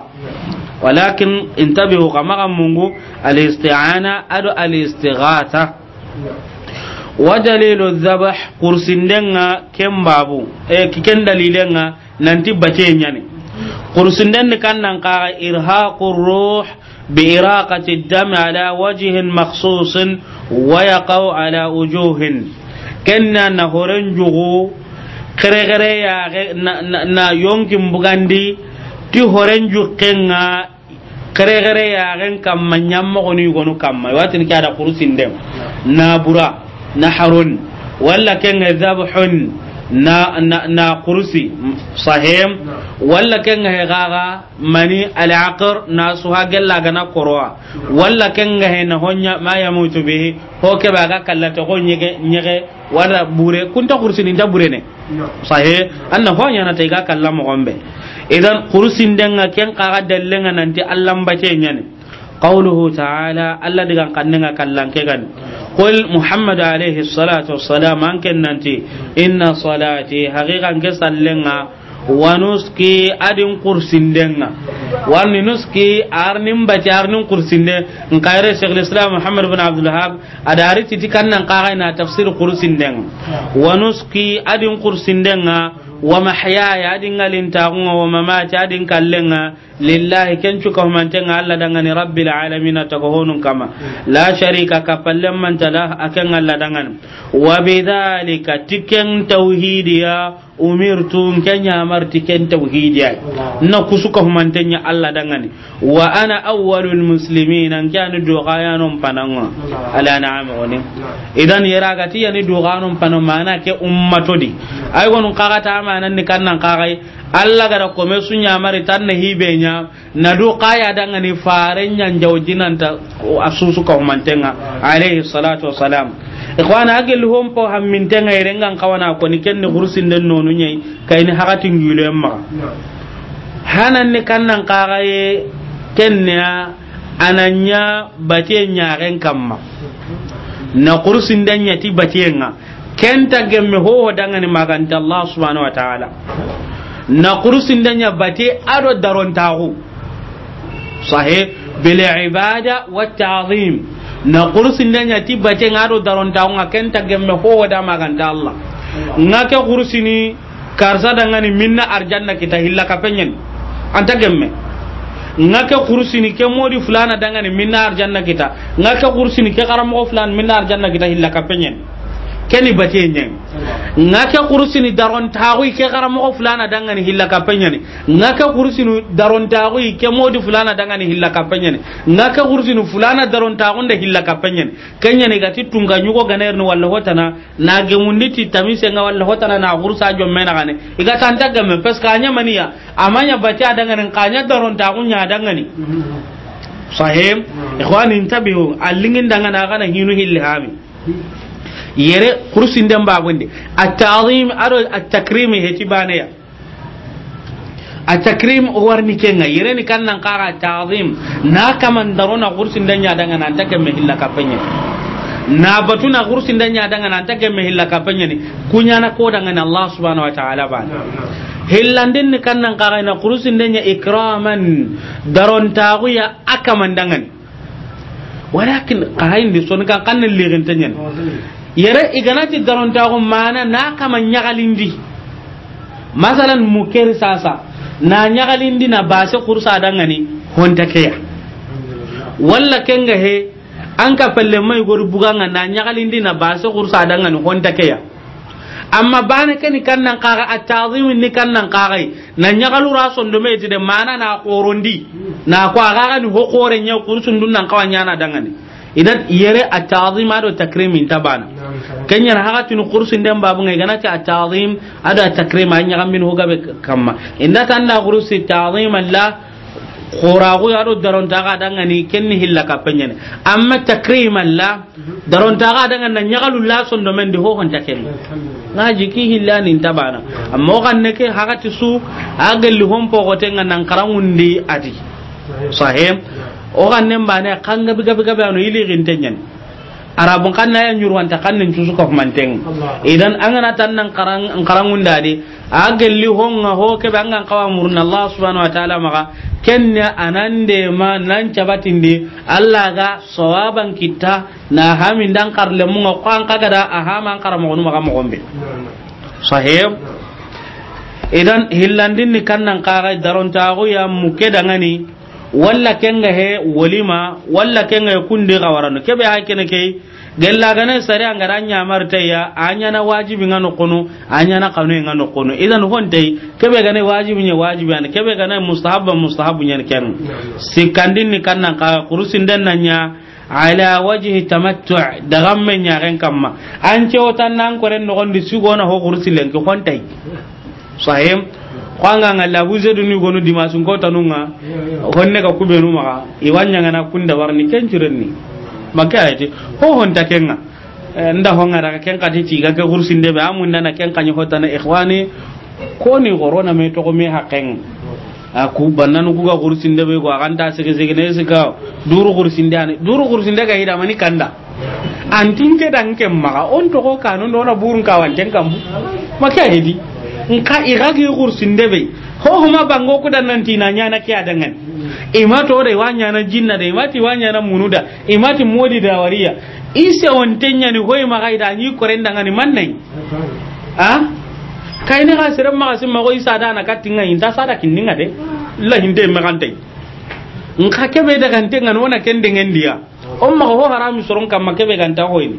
S2: walakin intabihu kama mungu al isti'ana ado al istighatha wadalilu dhabh kursindenga kem babu e kiken dalilenga nanti bace nyane قرسندن كان نقا إرهاق الروح بإراقة الدم على وجه ala ويقع على وجوه كنا نهرنجو kere-kere ya na yonkin bugandi ti horenju kenga kere-kere ya gen kamma nyamma gonu gonu kamma watin kada kurusin dem na bura na harun walla kenga zabhun na na, na kursi sahem walla ken ga gaga mani al aqr na su ha gella ga na korwa walla ken ga na honya ma ya mutu bi ho ke ba ga kallata honye ge nyege wala bure kun ta kursi ni da bure ne sahe anna honya na ta ga kalla mo gombe idan kursi ndenga ken kaga dallenga nanti allah mbace nyane qawluhu ta'ala allah digan kannenga kallan ke gan قل محمد عليه الصلاة والسلام أنك ننتي إن صلاتي حقيقة كسلنا ونسكي أدن قرسندنا وأن نسكي أرنم بتي أرنم قرسندنا نقاير شيخ الإسلام محمد بن عبد الوهاب أداري تتكنا نقايرنا تفسير قرسندنا ونسكي أدن قرسندنا wa mahyaya adin galin tagunga wa mamati adin kallenga lillahi kencu ka humantenga alla dangani rabbil alamin tagohonun kama la sharika ka pallen man tada akan alla dangan wa bidhalika tiken tauhidiya umirtu kenya marti ken tauhidi ay na kusuka humantenya Allah dangani wa ana awwalul muslimin an kan duqayanon pananga ala na'am woni idan yaragati yani duqanon panon mana ke ummato di ay wonu kaga mana amanan ni kannan kagai Allah gara kome sunya mari tan na hibe nya na duqaya dangani faren nyan jawjinan ta asusuka humantenga alayhi salatu wassalam ikhwana agel hom po ham min tenga irengan kawana ko ni kenne hursin den nonu nyai ni hakati ngule ma hanan ne kannan qaraye kenya ananya bate nyaren kamma na gursin den nyati bate nga kenta gemme ho danga ni maganta Allah subhanahu wa ta'ala na gursin den nya bate ado daron tagu sahih bil ibada wat ta'zim na kursin da nyati nga do daron ta nga ta gemme ko wada maganta Allah nga ke kursini karsa da ngani minna arjanna kita hilla an ta gemme nga ke kursini ke modi fulana da ngani minna arjanna kita nga ke kursini ke karamo fulana minna arjanna kita hilla kapenyen keni bate nyeng nga ke kurusini daron tawi ke garamo fulana dangani hilla kapenya ni nga ke kurusini daron tawi ke modi fulana dangani hilla kapenya ni nga ke kurusini fulana daron tawunde hilla kapenya ni kenya ni gati tunga nyugo ganer ni walla hotana na gemundi ti tamise nga walla hotana na kursa jom mena gane iga tanta gamme peska anya maniya amanya bate adangani kanya daron tawunya dangani sahim mm. ikhwani intabihu allingin dangana kana hinu hilli hami yere kursin den babundi at-ta'zim aro at-takrim heti baneya takrim e warni kenga yere ni na kaman darona kursin den ya daga nan take me hilla na batuna kursin den ya daga nan take me hilla kapenya ni kunya na ko daga Allah subhanahu wa ta'ala ba hillandin ni kannan qara na kursin den ya ikraman daron taguya akaman dangan walakin qahain di son kan yere iganati darontaxu mana na kama ñagalindi masalan mu keri sasa na ñagalindi na base kursa dangani honta keya walla kenga he an ka pelle mai gori buganga na ñagalindi na base kursa dangani honta keya amma bane kan nan kaga atazimi ni kan nan kaga na nyagalu rason do meti de mana na korondi na kwa gaga ni ho kore nya kursun dun nan kawanya na dangani idan yare a tazim ado takrimin tabana kanyar hakatinu kursin dan babu ngai ganati at-ta'zim ado takrim anya gamin hoga be kamma inda tanda kursi ta'zim Allah khuragu ado daron taga danga ni kenni hilla kapenyene amma takrim la daron taga danga na nyagalu la son do men di ho hon taken ngaji ki hilla ni tabana amma kan ne ke hakati su agal hon po gotenga nan karangundi ati sahim o gannen bane kanga biga biga bano ili gintenyen arabun kan na yan yurwan ta kannin cusu ko manten idan an gana tan nan karan karangun a gelli honga ho ke bangan kawa murna allah subhanahu wa ta'ala maka kenya anande ma nan cabatindi allah ga sawaban kita na hamin dan karle mun ko an kaga da a haman karamo nu maka mo sahib idan hillandin ni nan kaga daron ta ya muke dangani walla kenga he walima walla kenga he kundi gawarano kebe ha kene ke gella gane sare an gara nya marta ya anya na wajibi ngano kono anya na kanu ngano kono idan honte kebe gane wajibi ne wajibi an kebe gane mustahabba mustahabu nyen ken sikandin ni kanna ka kurusin den nanya ala wajhi tamattu da men nya ren kamma an ce otan nan koren no gondi na ho kurusilen ke honte sahim kwanga la buze du ni gonu dimasun ko tanunga honne ka kube nu maka iwanya na kunda warni ni maka ayati ho hon kenga eh, nda nga daga kenka kati ci ke kursin de ba mun dana ni hota na ikhwani ko ni gorona me to ko me haqen aku ah, bannan ku ga kursin de be ko aganta sege sege ne sika duru kursin de ani duru kursin de ga hida mani kanda antin ke dan ken maka on to ko kanu do na burun kawan kenka mu maka ayati nka igagi kursinde be ho huma bango kudan nan tina nyana kiya dangan imati ore wa nyana jinna da imati wa nyana munuda imati modi da wariya ise on tenya ni hoy ma gaida ni korenda ngani mannai a kai ne ga sirran ma sin ma ko isa da na katinga inta sada kindinga de la hinde me kantai nka kebe da kantenga nona kende ngendiya on ma ho harami soron kam ma kebe kanta hoyni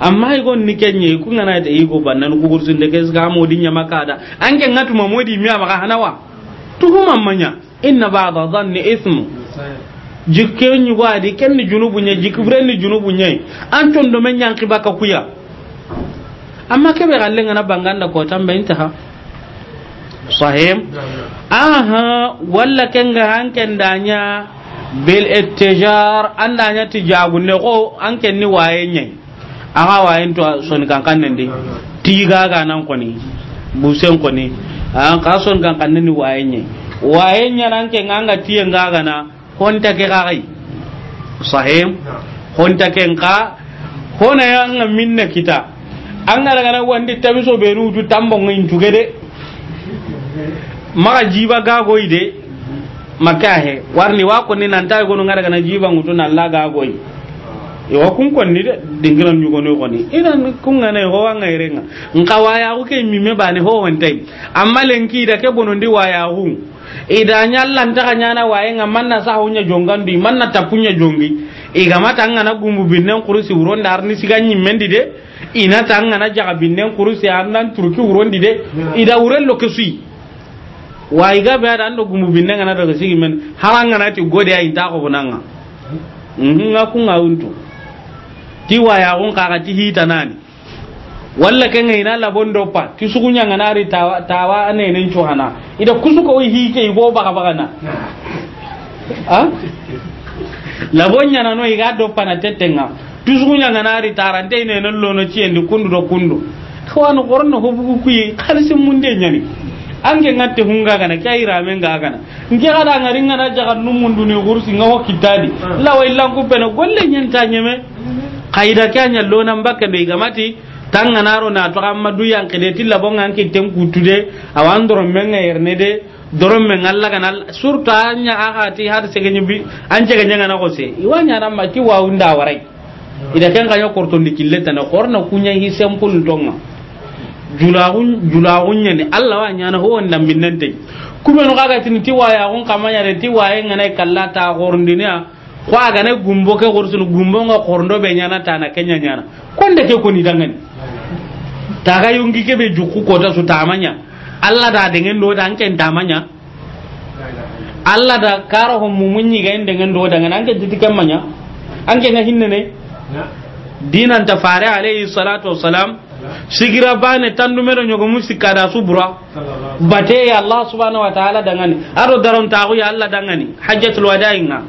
S2: amma gon ni kenye ku ngana da igo banan ku gursun da kai ga modi nya maka da an ken ngatu ma modi miya maka hanawa tuhuma manya inna ba'da dhanni ismu jikke nyu wadi ken ni junubu nya jikbre ni junubu nya an ton do men nyanki baka kuya amma ke be galle ngana banganda ko tan bayin ta sahim aha walla ken ga ken danya bil ittijar andanya ne ko ken ni waye nyai aka wayin to soni kankan nan de tiga ga nan ko ni busen ko ni an ka soni kankan nan ni wayin ne wayin ne nan ke nganga tiyen ga ga na honta ke ga kai sahim honta ke nka hona yan minna kita an ga daga nan wanda ta biso be rutu tambon yin tuge de maka jiba ga goyi de makahe warni wa ko ni nan ta go nan daga na jiba mutun Allah ga goyi wa kun kwanni de dingiran nyugo ne kwanni ina kun ngane ho wanga irenga nka waya ku ke mimme bane ho wantai amma lenki da ke bonondi waya hu ida nyallan ta nyana waye nga manna sa hunya jongandi manna tapunya jongi iga mata ngana gumbu binnen kurusi uronda arni siga nyimmendi de ina ta ngana jaga binnen kurusi annan turki di de ida uren lokesui wa iga be ada ando gumbu binnen ngana daga sigi men haranga na ti gode ayi ta ko bonanga mhm, nga ngaku ngawuntu ti waya gon kaga ti hita nani walla ken ina la bondo pa ti sugunya nganari tawa tawa ne nen chohana ida kusuko oi hike bo baka baka na ha [LAUGHS] ah? bonya na no iga do pa na tetenga ti sugunya nganari tarante ne nen lono ci endi kundu do kundu kawano gorno hobugu kuyi kalsin munde nyani ange ngatte hunga kya ira rame ga kana nge kada ngari ngana jaga numundu ne gursi ngawo kitadi ah. la wailan ku pena golle nyanta nyeme kaida ke anya lonan bakka be gamati tanga naro na to amma du yang kede tilla bonga anki tem kutude awan doron menga yerne de doron men Allah kana surta anya aga har har sege bi anje ga nyanga na ko se iwanya ran maki wa unda warai ida ken kanyo korto ndikille tana korna kunya hi sempul ndonga julagun julagun ne Allah wa nyana ho wanda minnante kuma no kaga tin tiwaya waya kamanya re tiwaya waya ngane kallata gorndinia ko aga ne gumbo ke gorsul gumbo nga korndo be nyana ta na kenya nyana nda ke koni dangan ta ga yungi ke be jukku ko ta su tamanya Allah da de do da anke tamanya Allah da karo hon mumunyi ga inde do da ngana anken titikan manya anke na hinne ne dinan ta fare alayhi salatu wassalam sigira bane tan mero nyogo musika da subra bate ya allah subhanahu wa ta'ala dangani aro daron tagu ya allah dangani hajjatul wada'inga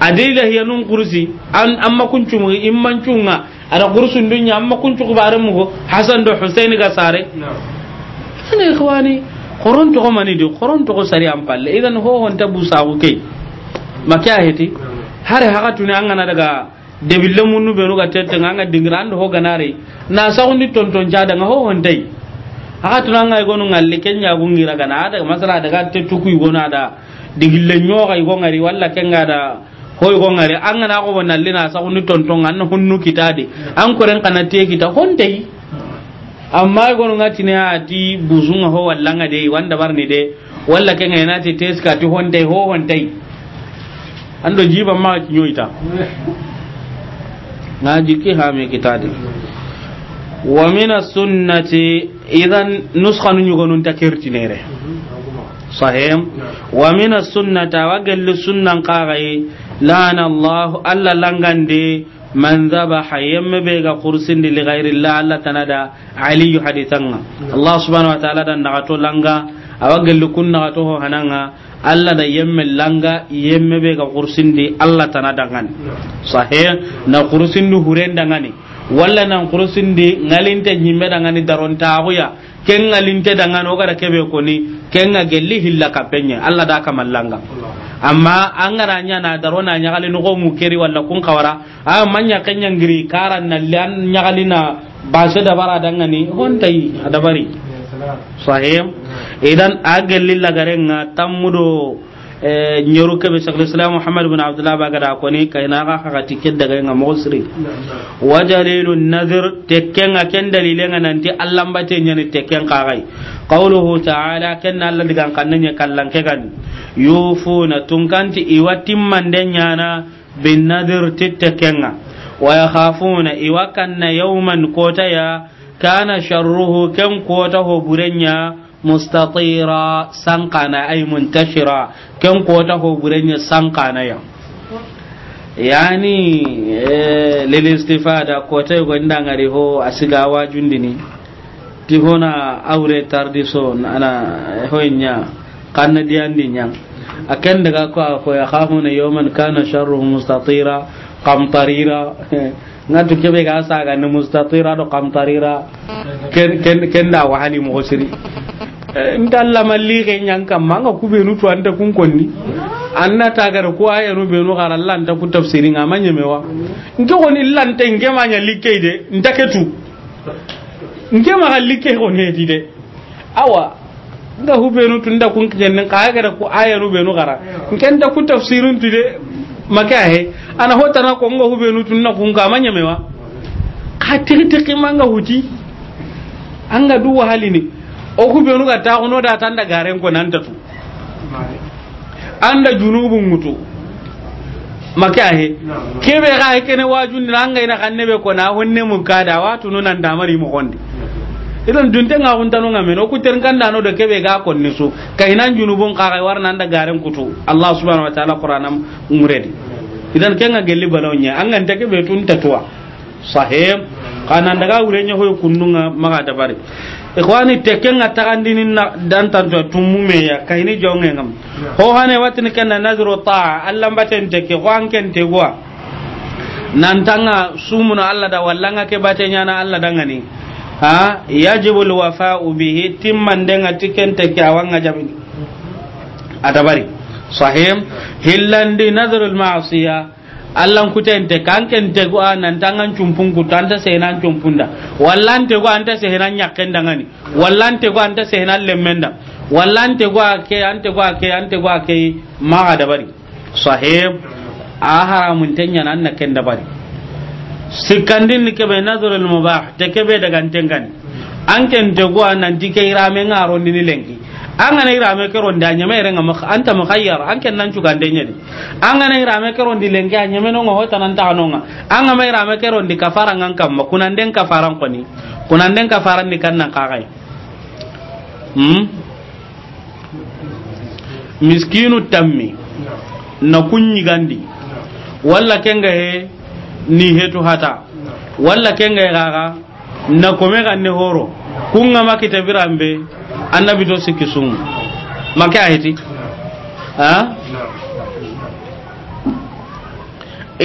S2: adi hiya nun kursi an amma kuncu mu imman cunga ada kursun dunya amma kuncu kubare mu hasan do husaini ga sare ana ikhwani qoron to mani di qoron to sari am palle idan ho hon tabu sawu kai makya heti hare haga tuni an ngana daga debille munnu be ruga tette nganga dingrando ho ganare na sawundi tonton jada nga ho hon dai haga tuna an ngai gonu ngalle kenya gungira gana ada masala daga tettu kuy gona da digille nyoga igongari walla kenga da hoy go ngare an na ko wona lina sa hunni tonton an hunnu kitade an ko ren kana te kita honde amma e go ngati ne ati buzun ho wallanga de wanda barni de walla ke ngena te teska ti honde ho honde ando jiba ma nyoita na ki ha me kitade wa min as-sunnati idan nuskhan nyugonun takirtinere sahim wa min as-sunnata wa gal sunnan qara'i lana allah alla langande man dhabaha yamma be ga kursin li ghairi allah alla tanada ali hadithanga allah subhanahu wa ta'ala dan nagato langa awagal kun nagato ho hananga alla da yamma langa yamma be ga kursin di alla tanada ngani sahih na kursin du hurenda ngani walla nan kurusindi ngalinte ñimme dangani darontaxuya ken ngalinte dangani ogara keɓe koni kenga gelli hilla kappeñe allah da kamallanga amma an gara nya na daro na nya galin go mu keri walla kun kawara a manya kanyan ngiri karan na lan nya galina ba se da bara ngani hon tai adabari sahim idan agellilla garenga tammudo nyoru ke be shaykhul muhammad ibn abdullah ba ga ko ni kai na ga ga ti daga ga nga musri wa jalilun nadhir tekken ga ken dalile ga nanti allah mbate nyani tekken ka gai qawluhu ta'ala ken allah diga kan ne kallan ke gan yufuna tunkanti iwati manden nyana bin nadhir titekken ga wa yakhafuna iwakan na yawman kotaya kana sharruhu ken kotaho burenya mustatira sankana ay muntashira ken kota ho burenya sankana ya yani eh, lil istifada ko ta go ndangari ho asiga wajundini ti hona aure tardi so ana hoynya kanna diandi nya akan daga ko ko ya khafuna yawman kana sharru mustatira qamtarira [LAUGHS] to kebe ga saga ne mustatira do qamtarira ken ken ken da wahali mo siri ndalla malli ke nyang kamma nga ku benu to anda kun konni anna tagar ko aya no benu gara Allah anda ku tafsirin amanya mewa nke ni lante nge manya like de ndaketu nke ma like ko ne di de awa nga hu benu to nda kun kennen ka gara ko aya no benu gara nke nda ku tafsirin tu de maka he ana hota na ko nga hu benu to na kun ga amanya mewa ka tirtiki manga huti anga du wahali ne o ku benu ga ta kuno da tan da garen ko nan ta tu anda junubun mutu maka ahe kebe ga kene wajun nan ga ina kanne be ko na honne mun kada wa tunu nan da mari mu gonde idan dunte nga hunta tanu ngamen o ku ter kan da do kebe ga kon ni su kai nan junubun ka kai warna da garen kutu allah subhanahu wa ta'ala qur'anam umredi idan kenga gelli balonya an ganta kebe tun tatuwa sahib kana daga wure nya hoy kunnunga maga bari. ikhwani teken ga tagandini na dantan to tumume ya kaini jonge ngam ho hane watin kenna nazru ta allah baten teke ho ken te gwa nan tanga sumuna allah da wallanga ke batenya na allah dangani ha yajibu alwafa'u bihi timman denga tiken teke awanga jabini atabari sahim hillandi nazrul ma'siya allan kutente kan ken tegu a ah, nan tangan cumpun kutu anta sehenan cumpunda wallan tegu anta sehenan nyakken dangani wallan tegu anta sehenan lemmenda wallan tegu ake ah, ante go ake ah, ante go ake maga dabari sahib a haramun tanya nan na ken dabari sikandin ni kebe nazarul mubah te kebe daga tengani an ken tegu a nan dike irame ngaro ni lenki an ga ira me kero da nyame ere ngam anta mukhayyar an ken nan cuga ndenye di an ga ira me kero di lenga nyame no ngota nan ta no nga an ga ira me kero ndi kafara ngan kam kunan nden kafaran ni kuna nden kafaran ni kan nan kakai hmm miskinu tammi na kunyi gandi walla kenga he ni hetu hata walla kenga he gaga na kome ganne horo kunga makita birambe annabi to sikki sunu maka ahiti ha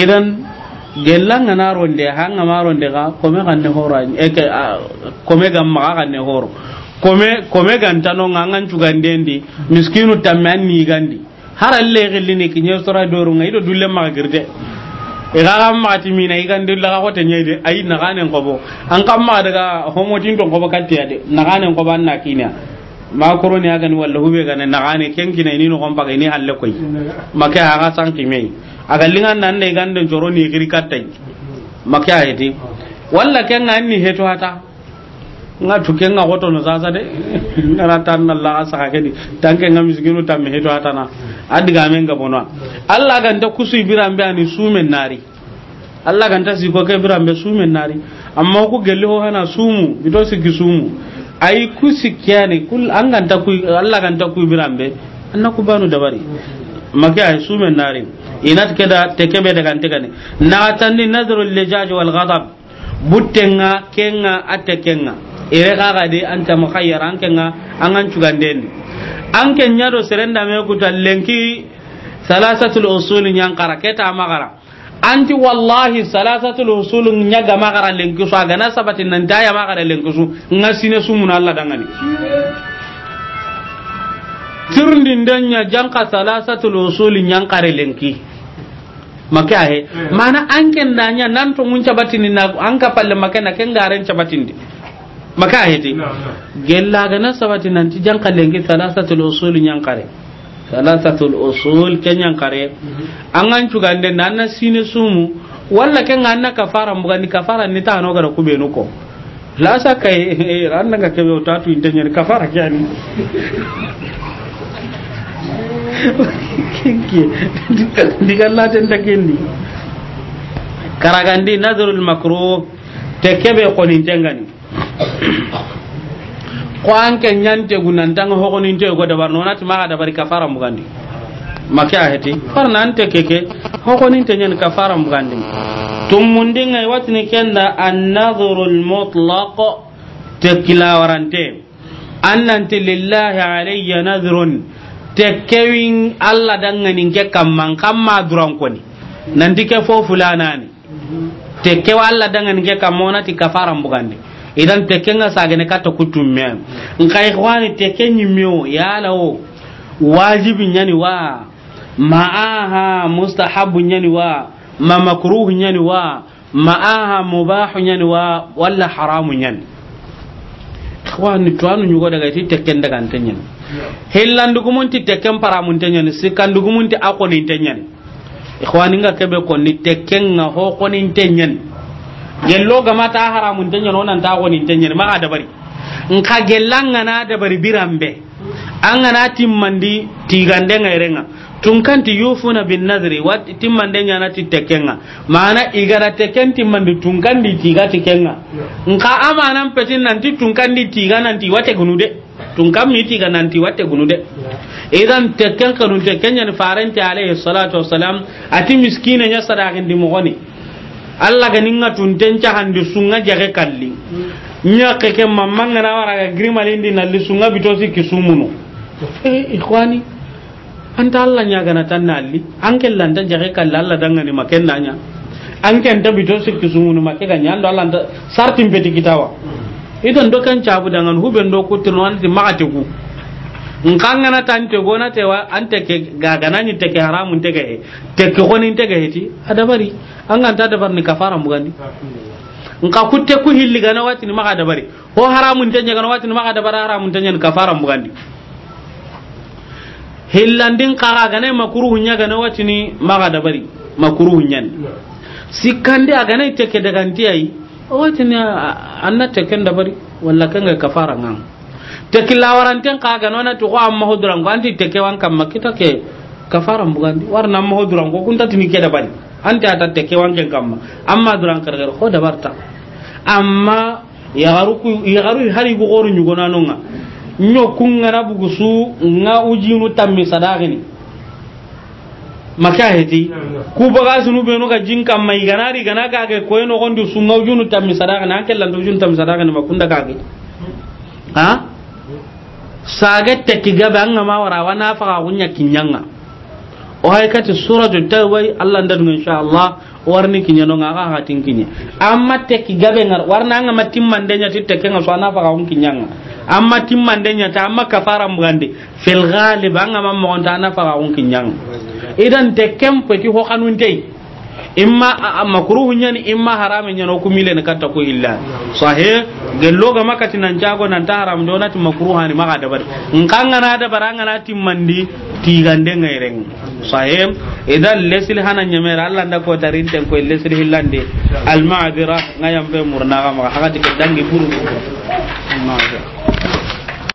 S2: idan gellanga na ronde hanga ma ronde ga kome ne horo e ke kome ga ma ga ne horo kome kome ga ganta no ngangan cugandendi miskinu tamman gandi haralle alle gelli ne kinyo sora doru ngai do dulle ma girde igaga magati mina igandillaga kote de ayi ko bo an kam ma daga homotinton kobo kattiya de naganen kobo an na kinya ma aga ni walla hube gane ne kenkina ini nogon paga ni halle koy make ki mei aga lingan nan ne gande joroni giri kattai make a heti walla nan ni heto hata nga tuke [LAUGHS] nga goto no zaza de na tan na la ga ni tanke nga misginu tamme heto hata na ga men ga bono Allah ga nda kusu birambe ani sumen nari Allah ga nda siko ke birambe sumen nari amma ku gelli ho hana sumu bido siki sumu ai ku sikyani kul an ga nda ku Allah ga nda ku birambe anna ku banu dabari maka ay sumen nari inat keda tekebe daga ni na tanni nazrul lijaj wal ghadab buttenga kenga atekenga ire kaga de anta mukhayyar an kenga an an cuganden an kenya do serenda me kuta lenki salasatul usul nyan kara keta magara anti wallahi salasatul usul nyaga magara lenki so aga na sabatin nan taya magara lenki su ngasine sumun Allah dangani tirndin danya janka salasatul usul nyan kare lenki maka ahe hmm. mana an kenda nya nan to mun cabatini na an ka palle maka na ken garen cabatindi maka heti gella ga na sabati nan ti jan kallen ki salasatul usul nyan kare salasatul usul ken nyan kare mhm. an an cugande nan na sine sumu walla ken an na kafara mbuga ni kafara ni ta no gara kube nuko la sa kai ran daga ke o tatu intenyen kafara kyani kinki la ten takendi karagandi nazrul makruh tekebe qonin tengani ko an ke nyante gunan tan ho ko go da barno na ti ma da bari kafara mugandi maka heti farna an te keke ho ko nin te nyen kafara mugandi tum mundin ay watni an nanti mutlaq tekila warante annanti lillahi alayya nadhrun tekewin Allah danganin ke kamman kamma duran ko ni nan dike fo fulanani tekewa Allah danganin ke kammona ti kafaran bugandi idan teke nga sagene kata kutumme nka ikhwani teke nyimyo yala o wajibi nyani wa ma'aha mustahabu nyani wa ma makruh nyani wa ma'aha mubah nyani wa wala haramu nyani ikhwani tuanu nyugo daga ti teke daga antenyen hillandugumunti teken paramuntenyen sikandugumunti akonintenyen ikhwani nga kebe ni teken nga ho konintenyen gello gama ta haramun tanya no nan ta goni tanya ma da bari in ka gellanga na da bari birambe an gana timmandi tigande ngairenga tun ti yufuna bin nazri wa timmande nyana ti tekenga mana igara teken timmandi tun di tiga tekenga nka amana petin ti tun di tiga ti wate gunude tun kan mi tiga ti wate gunude idan teken kanun teken nyani farante alaihi salatu wassalam ati miskina nya sadaqin di mogoni alla ga ninga tunten cahandi sunga jage kalli nya keke mamma na wara ga grimalindi nalli sunga bitosi kisumuno eh ikhwani anta allah nya gana tan nalli anke lanta jage kalli alla dangani makenna nya anke anta bitosi kisumuno makega nya ando alla sartin peti kitawa idan do kan cabu dangan huben do kutirno anti maate ku nkangana tante gona tewa ante ke gagana ni teke haramun teke teke goni teke heti adabari an ga ta dabar ni kafara mugandi nka kutte ku hilli gana wati ni maka dabari ho haramun tanya gana wati ni maka dabara haramun tanya ni kafara mugandi hillandin kara gana e makuruhu nya gana wati ni maka dabari makuruhu nya sikande agana teke daganti ai wati ni anna teke dabari walla kanga kafara ngang tekilla ka ga nona to ko amma hoduran ko anti teke wan kam makita ke kafaran bugandi warna amma hoduran ko kunta tini ke bani anti ata teke wan ken kam amma duran kargar ko barta amma ya garu ya garu hari bu goru nyugona nonga nyokunga na su nga ujinu tammi sadaqi ni heti ku baga sunu be no ga jinka mai ganari gana ka ko eno gondu sunga ujunu tammi sadaqi na kella do ujunu tammi sadaqi na makunda ka ga ha sagette kigabe an ma wara wana faga gunya kinyanga o kati suratu tawbai allah ndan insha allah warni kinyano nga ngaga hatin kinya amma te kigabe ngar warna nga matim mandenya ti te kenga so ana faga gun kinyanga amma tim mandenya ta amma kafara mugande fil ghalib an gama mo nda ana faga gun kinyanga idan te kempe ti ho kanun dei imma makruhun yani imma haramin yana ku mile ne katta ko illa sahe gello ga makati nan jago nan ta haram do nati makruha ni ga dabar in kan na da baranga na timmandi tigande ngairen sahe idan lesil hanan nyamera Allah nda ko tarin ten ko lesil hillande al ma'dira ngayam be murna ga ma hakati dangi buru